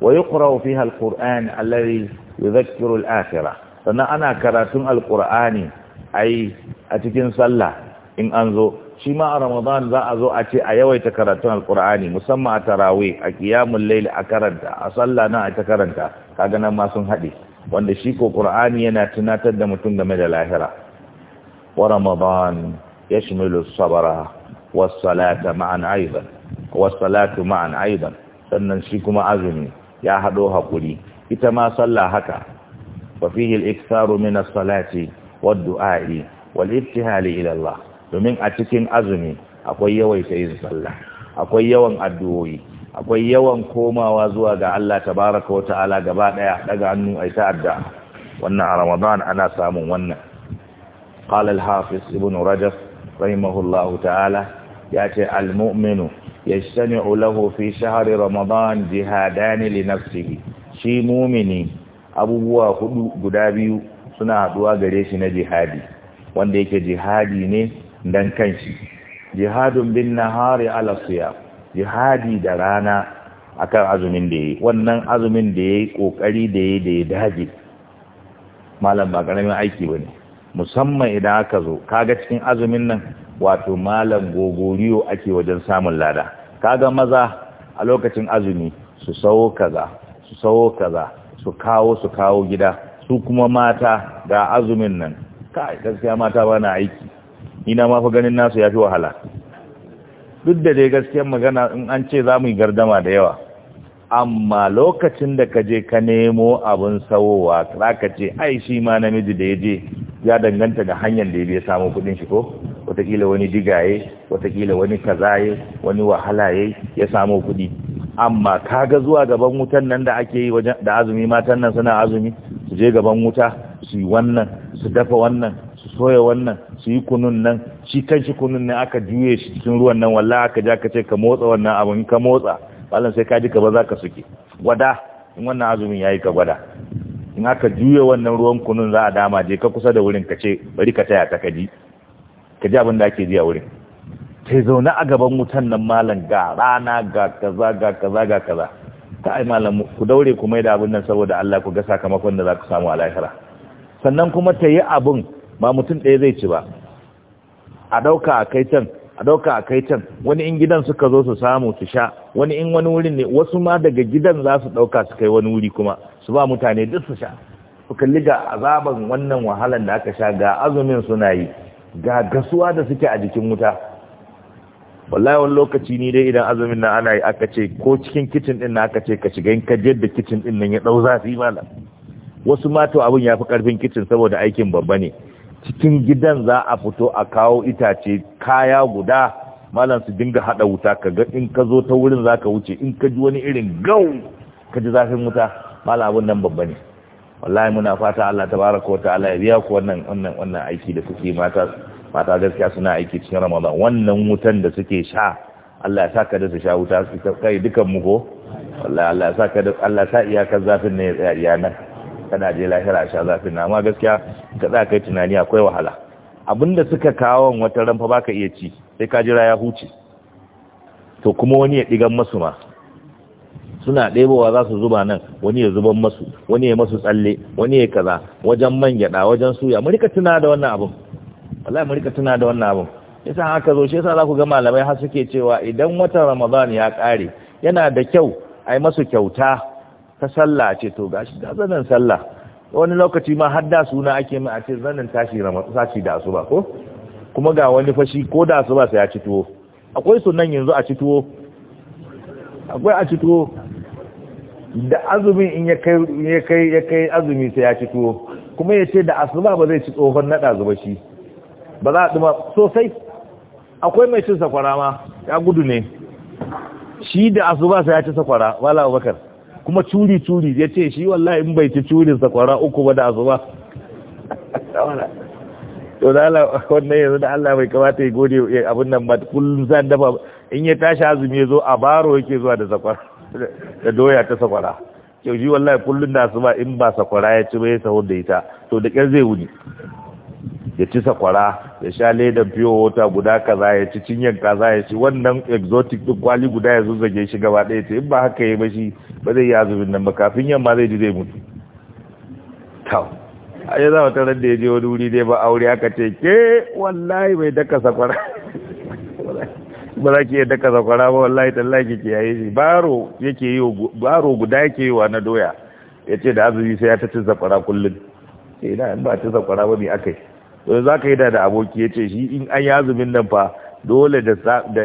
wa yuqra fiha alquran alladhi yudhakkiru alakhirah sannan ana karatun alqurani ai a cikin sallah in an zo shi ma a ramadan za a zo a ce a yawaita karatun alkur'ani musamman a tarawih a kiyamun laili a karanta a sallah nan a ta karanta kaga nan ma sun haɗe wanda shi ko ƙur'ani yana tunatar da mutum game da lahira wa ramadan yashmilu sabara was ma'an aidan was ma'an aidan sannan shi kuma azumi ya hado hakuri ita ma sallah haka wa fihi al-iktharu min as-salati wad-du'a'i wal-ibtihali ila Allah domin a cikin azumi akwai yawaita yin sallah akwai yawan addu'o'i akwai yawan komawa zuwa ga Allah tabaraka wa ta'ala gaba daya daga hannu ai ta'adda wannan a Ramadan ana samun wannan qala al-hafiz ibn rajab rahimahullahu ta'ala yace al-mu'minu yajtami'u lahu fi shahri ramadan jihadan li nafsihi shi mu'mini abubuwa hudu guda biyu suna haduwa gare shi na jihadi wanda yake jihadi ne dan kanshi jihadun bin nahari ala siyam jihadi da rana akan azumin da ya wannan azumin da ya yi kokari da ya da ya daji malam ba karamin aiki ba ne, musamman idan aka zo kaga cikin azumin nan wato malam gogoriyo ake wajen samun lada kaga maza a lokacin azumi su sawo kaza su sawo kaza su kawo su kawo gida su kuma mata ga azumin nan kai gaskiya mata ba na aiki ina ma fa ganin nasu ya fi wahala duk da dai gaskiyar magana in an ce za mu yi gardama da yawa amma lokacin da ka je ka nemo abin sawowa za ka ce ai shi ma namiji da ya je ya danganta da hanyar da ya biya samun kudin shi ko watakila wani digaye watakila wani kazaye wani wahalaye ya samu kudi amma ka ga zuwa gaban wutan nan da ake yi da azumi matan nan suna azumi su je gaban wuta su yi wannan su dafa wannan su soya wannan su yi kunun nan shi kan shi kunun ne aka juye shi cikin ruwan nan wallahi aka ja ka ce ka motsa wannan abin ka motsa wallan sai ka ji ka ba za ka suke gwada in wannan azumin yayi ka gwada in aka juye wannan ruwan kunun za a dama je ka kusa da wurin ka ce bari ka taya ta kaji ka ji abin da ake ji a wurin sai zaune a gaban wutan nan malam ga rana ga kaza ga kaza ga kaza ta ai malam ku daure ku mai da abin nan saboda Allah ku ga sakamakon da za ku samu a lahira sannan kuma ta yi abin ba mutum ɗaya zai ci ba a dauka a kai can a dauka a kai can wani in gidan suka zo su samu su sha wani in wani wuri ne wasu ma daga gidan za su dauka su kai wani wuri kuma su ba mutane duk su sha su kalli ga azaban wannan wahalan da aka sha ga azumin suna yi ga gasuwa da suke a jikin wuta wallahi wani lokaci ni dai idan azumin nan ana yi aka ce ko cikin kitchen din na aka ce ka shiga in ka da kitchen din nan ya dau zafi malam wasu ma to abun fi karfin kitchen saboda aikin babba ne cikin gidan za a fito a kawo itace kaya guda malam su dinga hada wuta kaga in ka zo ta wurin za ka wuce in ka ji wani irin gau ka ji zafin wuta malam abin nan babba ne wallahi muna fata Allah baraka wa ta'ala ya biya ku wannan wannan wannan aiki da kuke mata mata gaskiya suna aiki cikin Ramadan wannan wutan da suke sha Allah ya saka da su sha wuta su kai dukan mu ko wallahi Allah ya saka da Allah sa iyakar zafin ne ya tsaya nan kada je lahira sha zafin na amma gaskiya ka za kai tunani akwai wahala abinda suka kawo wata ran fa baka iya ci sai ka jira ya huce to kuma wani ya digan masu ma suna ɗebowa za su zuba nan wani ya zuban masu wani ya masu tsalle wani ya kaza wajen man gyaɗa wajen suya mu rika tuna da wannan abun wallahi mu rika tuna da wannan abun yasa haka zo shi yasa za ku ga malamai har suke cewa idan watan ramadan ya ƙare yana da kyau ai masu kyauta ta sallah ce to gashi da zanen sallah wani lokaci ma har da suna ake ma a ce zanen tashi sashi da asuba ko kuma ga wani fashi ko da ba sai ya ci tuwo akwai sunan yanzu a ci tuwo akwai a ci tuwo da azumi in ya kai ya kai azumi sai ya ci tuwo kuma ya ce da asuba ba zai ci tsohon nada zuba shi ba za a duma sosai akwai mai cin sakwara ma ya gudu ne shi da asuba sai ya ci sakwara wala abubakar kuma curi curi ya ce shi wallahi in bai ci curin sa kwara uku ba da azuba to da Allah wannan yanzu da Allah bai kamata ya gode abin nan ba kullum zan dafa in ya tashi azumi ya zo a baro yake zuwa da sakwara da doya ta sakwara kyau ji wallahi kullum da su ba in ba sakwara ya ci ba ya sahur da ita to da kyar zai wuni ya ci sakwara ya sha ledan fiyo wata guda kaza ya ci cinyan kaza ya ci wannan exotic duk kwali guda ya zuzage shi gaba ɗaya ce in ba haka ya ba shi ba zai yi azumin nan ba kafin yamma zai ji zai mutu tau a yi zama tarar da ya je wani wuri dai ba aure aka ce ke wallahi bai daka sakwara [laughs] ba za ki iya daka sakwara ba wallahi tallahi ke yayi shi baro yake yi baro guda yake yi wa na doya ya ce da azumi sai ya ta ci sakwara kullum Ina eh, na in ba ta sakwara ba mai aka yi za ka yi da da aboki ya ce shi in an yi azumin nan fa dole da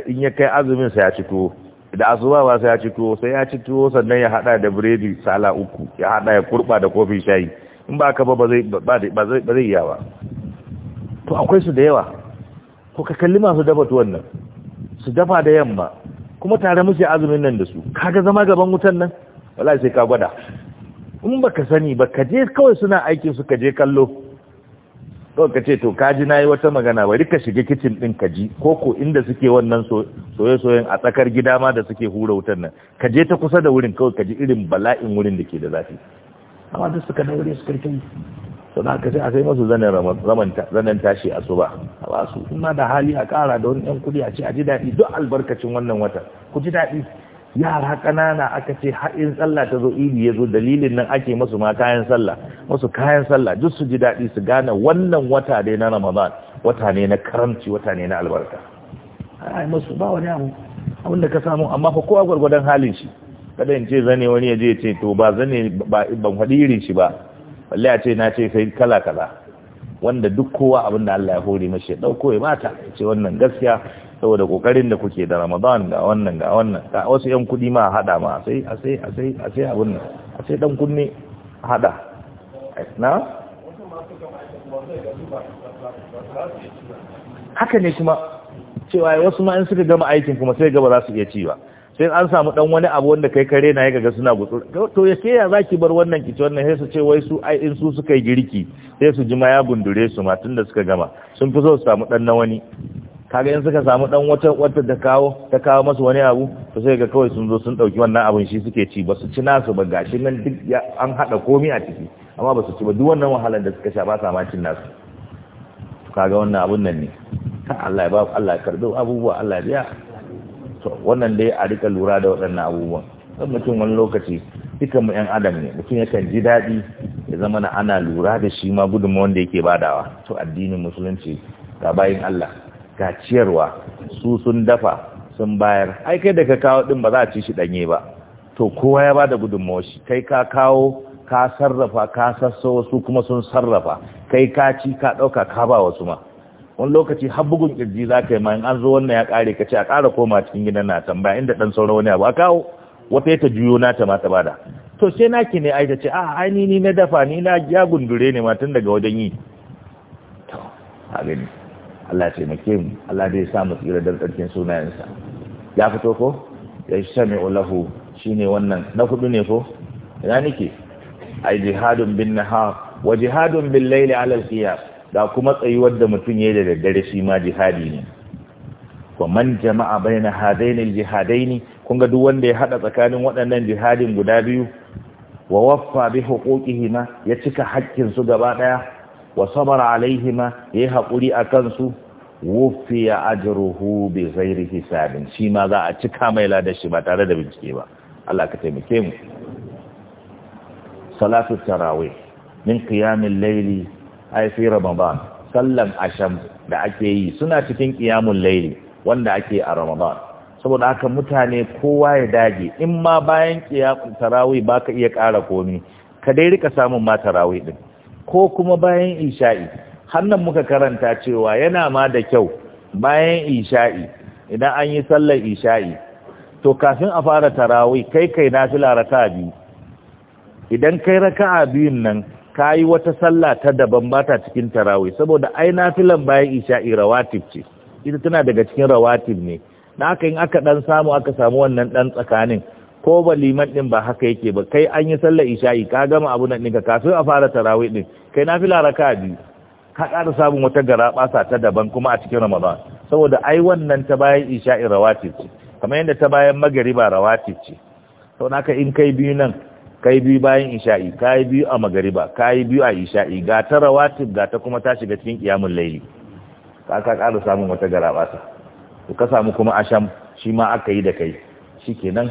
in ya kai azumin sai ya ci tuwo da asuba ba sai ya ci tuwo sai ya ci tuwo sannan ya hada da biredi sala uku ya hada ya kurba da kofin shayi in ba ka ba ba zai ba zai yawa to akwai su da yawa ko ka kalli masu dafa tuwon nan su dafa da yamma kuma tare musu azumin nan da su kaga zama gaban wutan nan wallahi sai ka gwada in baka sani ba ka je kawai suna aikin su ka je kallo kawai ka ce to kaji yi wata magana bari ka shiga kicin din ka ji ko ko inda suke wannan soye soyen a tsakar gida ma da suke hura wutar nan ka je ta kusa da wurin kawai ka ji irin bala'in wurin da ke da zafi amma duk suka daure su karkin to na aka ce a sai masu zanen tashi a su ba a ba su da hali a kara da wani yan kudi a ce a ji daɗi duk albarkacin wannan wata ku ji daɗi yara kanana aka ce haɗin sallah ta zo iri ya zo dalilin nan ake masu ma kayan sallah masu kayan sallah duk su ji daɗi su gane wannan wata ne na ramadan wata ne na karamci wata ne na albarka ai masu ba wani abu abinda ka samu amma fa kowa gwargwadon halin shi kada in ce zane wani ya je ce to ba zane ban faɗi irin shi ba balle a ce na ce sai kala kala wanda duk kowa abin da Allah ya hore mashi ya ɗauko ya mata ce wannan gaskiya saboda kokarin da kuke da Ramadan ga wannan ga wannan ga wasu yan kudi ma hada ma sai sai sai sai abun nan sai dan kunne hada na haka ne kuma cewa wasu ma in suka gama aikin kuma sai gaba za su iya ci ba sai an samu dan wani abu wanda kai kare na ya ga suna gutsu to ya ya zaki bar wannan kici wannan sai su ce wai su ai in su suka yi girki sai su ji ma ya gundure su ma tunda suka gama sun fi so su samu dan na wani kaga in suka samu dan wata wata da kawo ta kawo masu wani abu to sai ga kawai sun zo sun dauki wannan abin shi suke ci basu ci nasu ba gashi nan duk an hada komai a ciki amma basu ci ba duk wannan wahalar da suka sha ba sa ma cin nasu to kaga wannan abun nan ne Allah ya ba Allah ya karbi abubuwa Allah ya biya to wannan dai a rika lura da waɗannan abubuwan dan mutum wani lokaci duka mu yan adam ne mutum yakan ji daɗi ya zama na ana lura da shi ma gudunmawar da yake badawa to addinin musulunci ga bayin Allah ga su sun dafa sun bayar ai kai da ka kawo din ba za a ci shi danye ba to kowa ya bada gudunmawar shi kai ka kawo ka sarrafa ka sasso wasu kuma sun sarrafa kai ka ci ka ɗauka ka ba wasu ma wani lokaci har bugun kirji za ka yi ma in an zo wannan ya kare ka ce a kara koma cikin gidan na tambaya inda dan sauran wani abu a kawo wata ta juyo na ta ma bada to sai naki ne aita ce a ah, ai ni na dafa ni na ya gundure ne ma tun daga wajen yi to a Allah ya taimake mu Allah dai ya sa mu tsira da tsarkin sunayensa ya fito ko ya sami'u lahu shine wannan na hudu ne ko ina nake ai jihadun bin nahar wa jihadun bil layli ala al qiyas da kuma tsayuwar da mutum ya da daddare shi ma jihadi ne wa man jama'a baina hadain al jihadaini kun ga duk wanda ya hada tsakanin waɗannan jihadin guda biyu wa waffa bi huquqihima ya cika haƙƙin su gaba daya wa sabara alaihima yayi hakuri akan su ya ajruhu bi zairi hisabin shi ma za a cika mai ladar shi ba tare da bincike ba Allah ka taimake mu salatu tarawih min qiyamil layli ay fi ramadan sallan asham da ake yi suna cikin qiyamul laili, wanda ake a ramadan saboda haka mutane kowa ya dage in ma bayan qiyamul tarawih baka iya ƙara komi ka dai rika samun ma tarawih din ko kuma bayan isha'i hannun muka karanta cewa yana ma da kyau bayan isha'i idan an yi sallar isha'i to kafin a fara tarawih kai kai na fi laraka biyu idan kai raka'a biyun nan ka yi wata sallah ta daban bata cikin tarawih saboda ai na filan bayan isha'i rawatib ce ita tana daga cikin rawatib ne na aka yin aka dan samu aka samu wannan dan tsakanin ko ba liman din ba haka yake ba kai an yi sallar isha'i ka gama abu nan ka kafin a fara tarawih din kai na fila raka biyu ka ƙara samun wata gara ɓasa ta daban kuma a cikin ramadan saboda ai wannan ta bayan isha'i rawati ce kamar yadda ta bayan magariba rawati ce sau naka in kai biyu nan kai biyu bayan isha'i kai biyu a magariba kai biyu a isha'i ga ta rawati ga ta kuma ta shiga cikin iyamun layli ka ka ƙara samun wata gara ɓasa ka samu kuma asham shi ma aka yi da kai shi shikenan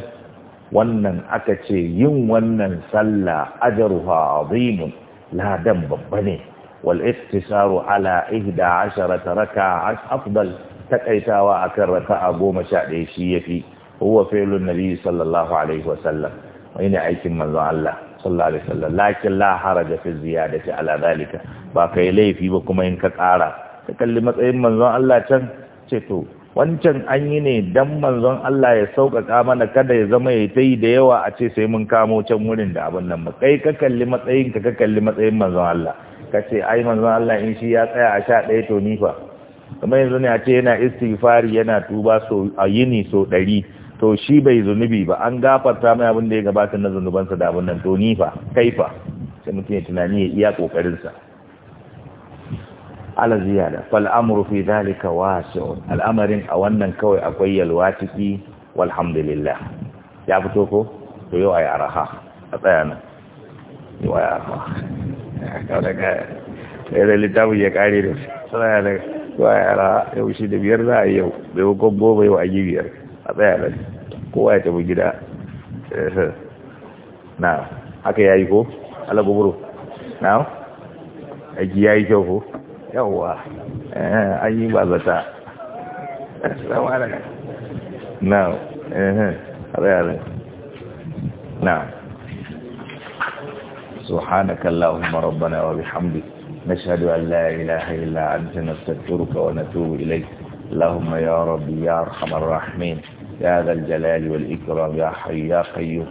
wannan aka ce yin wannan sallah ajruha azimun ladan babba ne wal iktisaru ala Ihda, asharata raka afdal takaitawa akan raka'a 11 shi yafi huwa fi'lun nabi sallallahu alaihi wasallam wani aikin manzon Allah sallallahu alaihi lakin la haraja fi ziyadati ala zalika ba kai laifi ba kuma in ka ƙara ka kalli matsayin manzon Allah can ce to wancan an yi ne dan manzon Allah ya sauƙaƙa mana kada ya zama ya ta yi da yawa a ce sai mun kamo can wurin da abin nan ba kai ka kalli matsayin ka ka kalli matsayin manzon Allah ka ce ai manzon Allah in shi ya tsaya a sha ɗaya to ni fa kamar yanzu ne a ce yana istighfari yana tuba so a yini so ɗari to shi bai zunubi ba an gafarta mai abin da ya gabata na zunubansa da abin nan to ni fa kai fa sai mutum ya tunani ya iya ƙoƙarinsa ala ziyada fal amru fi dhalika wasi'un al'amarin a wannan kawai akwai yalwa ciki walhamdulillah ya fito ko to yau ayi araha a tsaya nan yau ayi araha kawai ga da littafin ya kare da tsaya da yau ayi araha yau shi da biyar za a yi yau bai ko gobe yau a yi biyar a tsaya nan kowa ya tafi gida na haka ya yi ko ala guburu na aiki yayi kyau ko آه، بابا an السلام عليكم نعم na آه، yare نعم سبحانك اللهم ربنا وبحمدك نشهد أن لا إله إلا أنت نستغفرك ونتوب إليك اللهم يا ربي يا أرحم الراحمين يا ذا الجلال والإكرام يا حي يا قيوم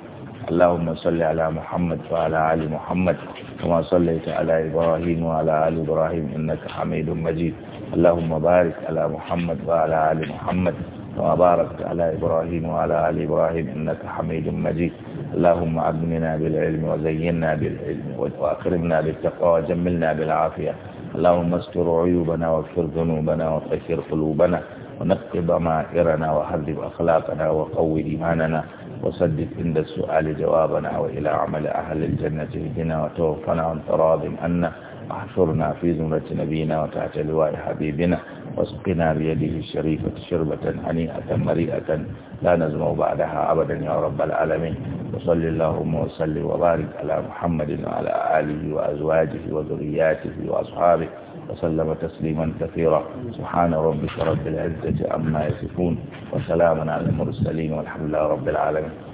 اللهم صل على محمد وعلى آل محمد كما صليت على إبراهيم وعلى آل إبراهيم إنك حميد مجيد اللهم بارك على محمد وعلى آل محمد كما باركت على إبراهيم وعلى آل إبراهيم إنك حميد مجيد اللهم أبننا بالعلم وزينا بالعلم وأكرمنا بالتقوى وجملنا بالعافية اللهم استر عيوبنا واغفر ذنوبنا وطهر قلوبنا ونقض ضمائرنا وحذب أخلاقنا وقوي إيماننا وسدد عند السؤال جوابنا وإلى عمل أهل الجنة بنا وتوفنا عن راض أن احشرنا في زمرة نبينا وتحت لواء حبيبنا واسقنا بيده الشريفة شربة هنيئة مريئة لا نزمع بعدها أبدا يا رب العالمين وصل اللهم وسلم وبارك على محمد وعلى آله وأزواجه وذرياته وأصحابه وسلم تسليما كثيرا سبحان ربك رب العزة عما يصفون وسلام على المرسلين والحمد لله رب العالمين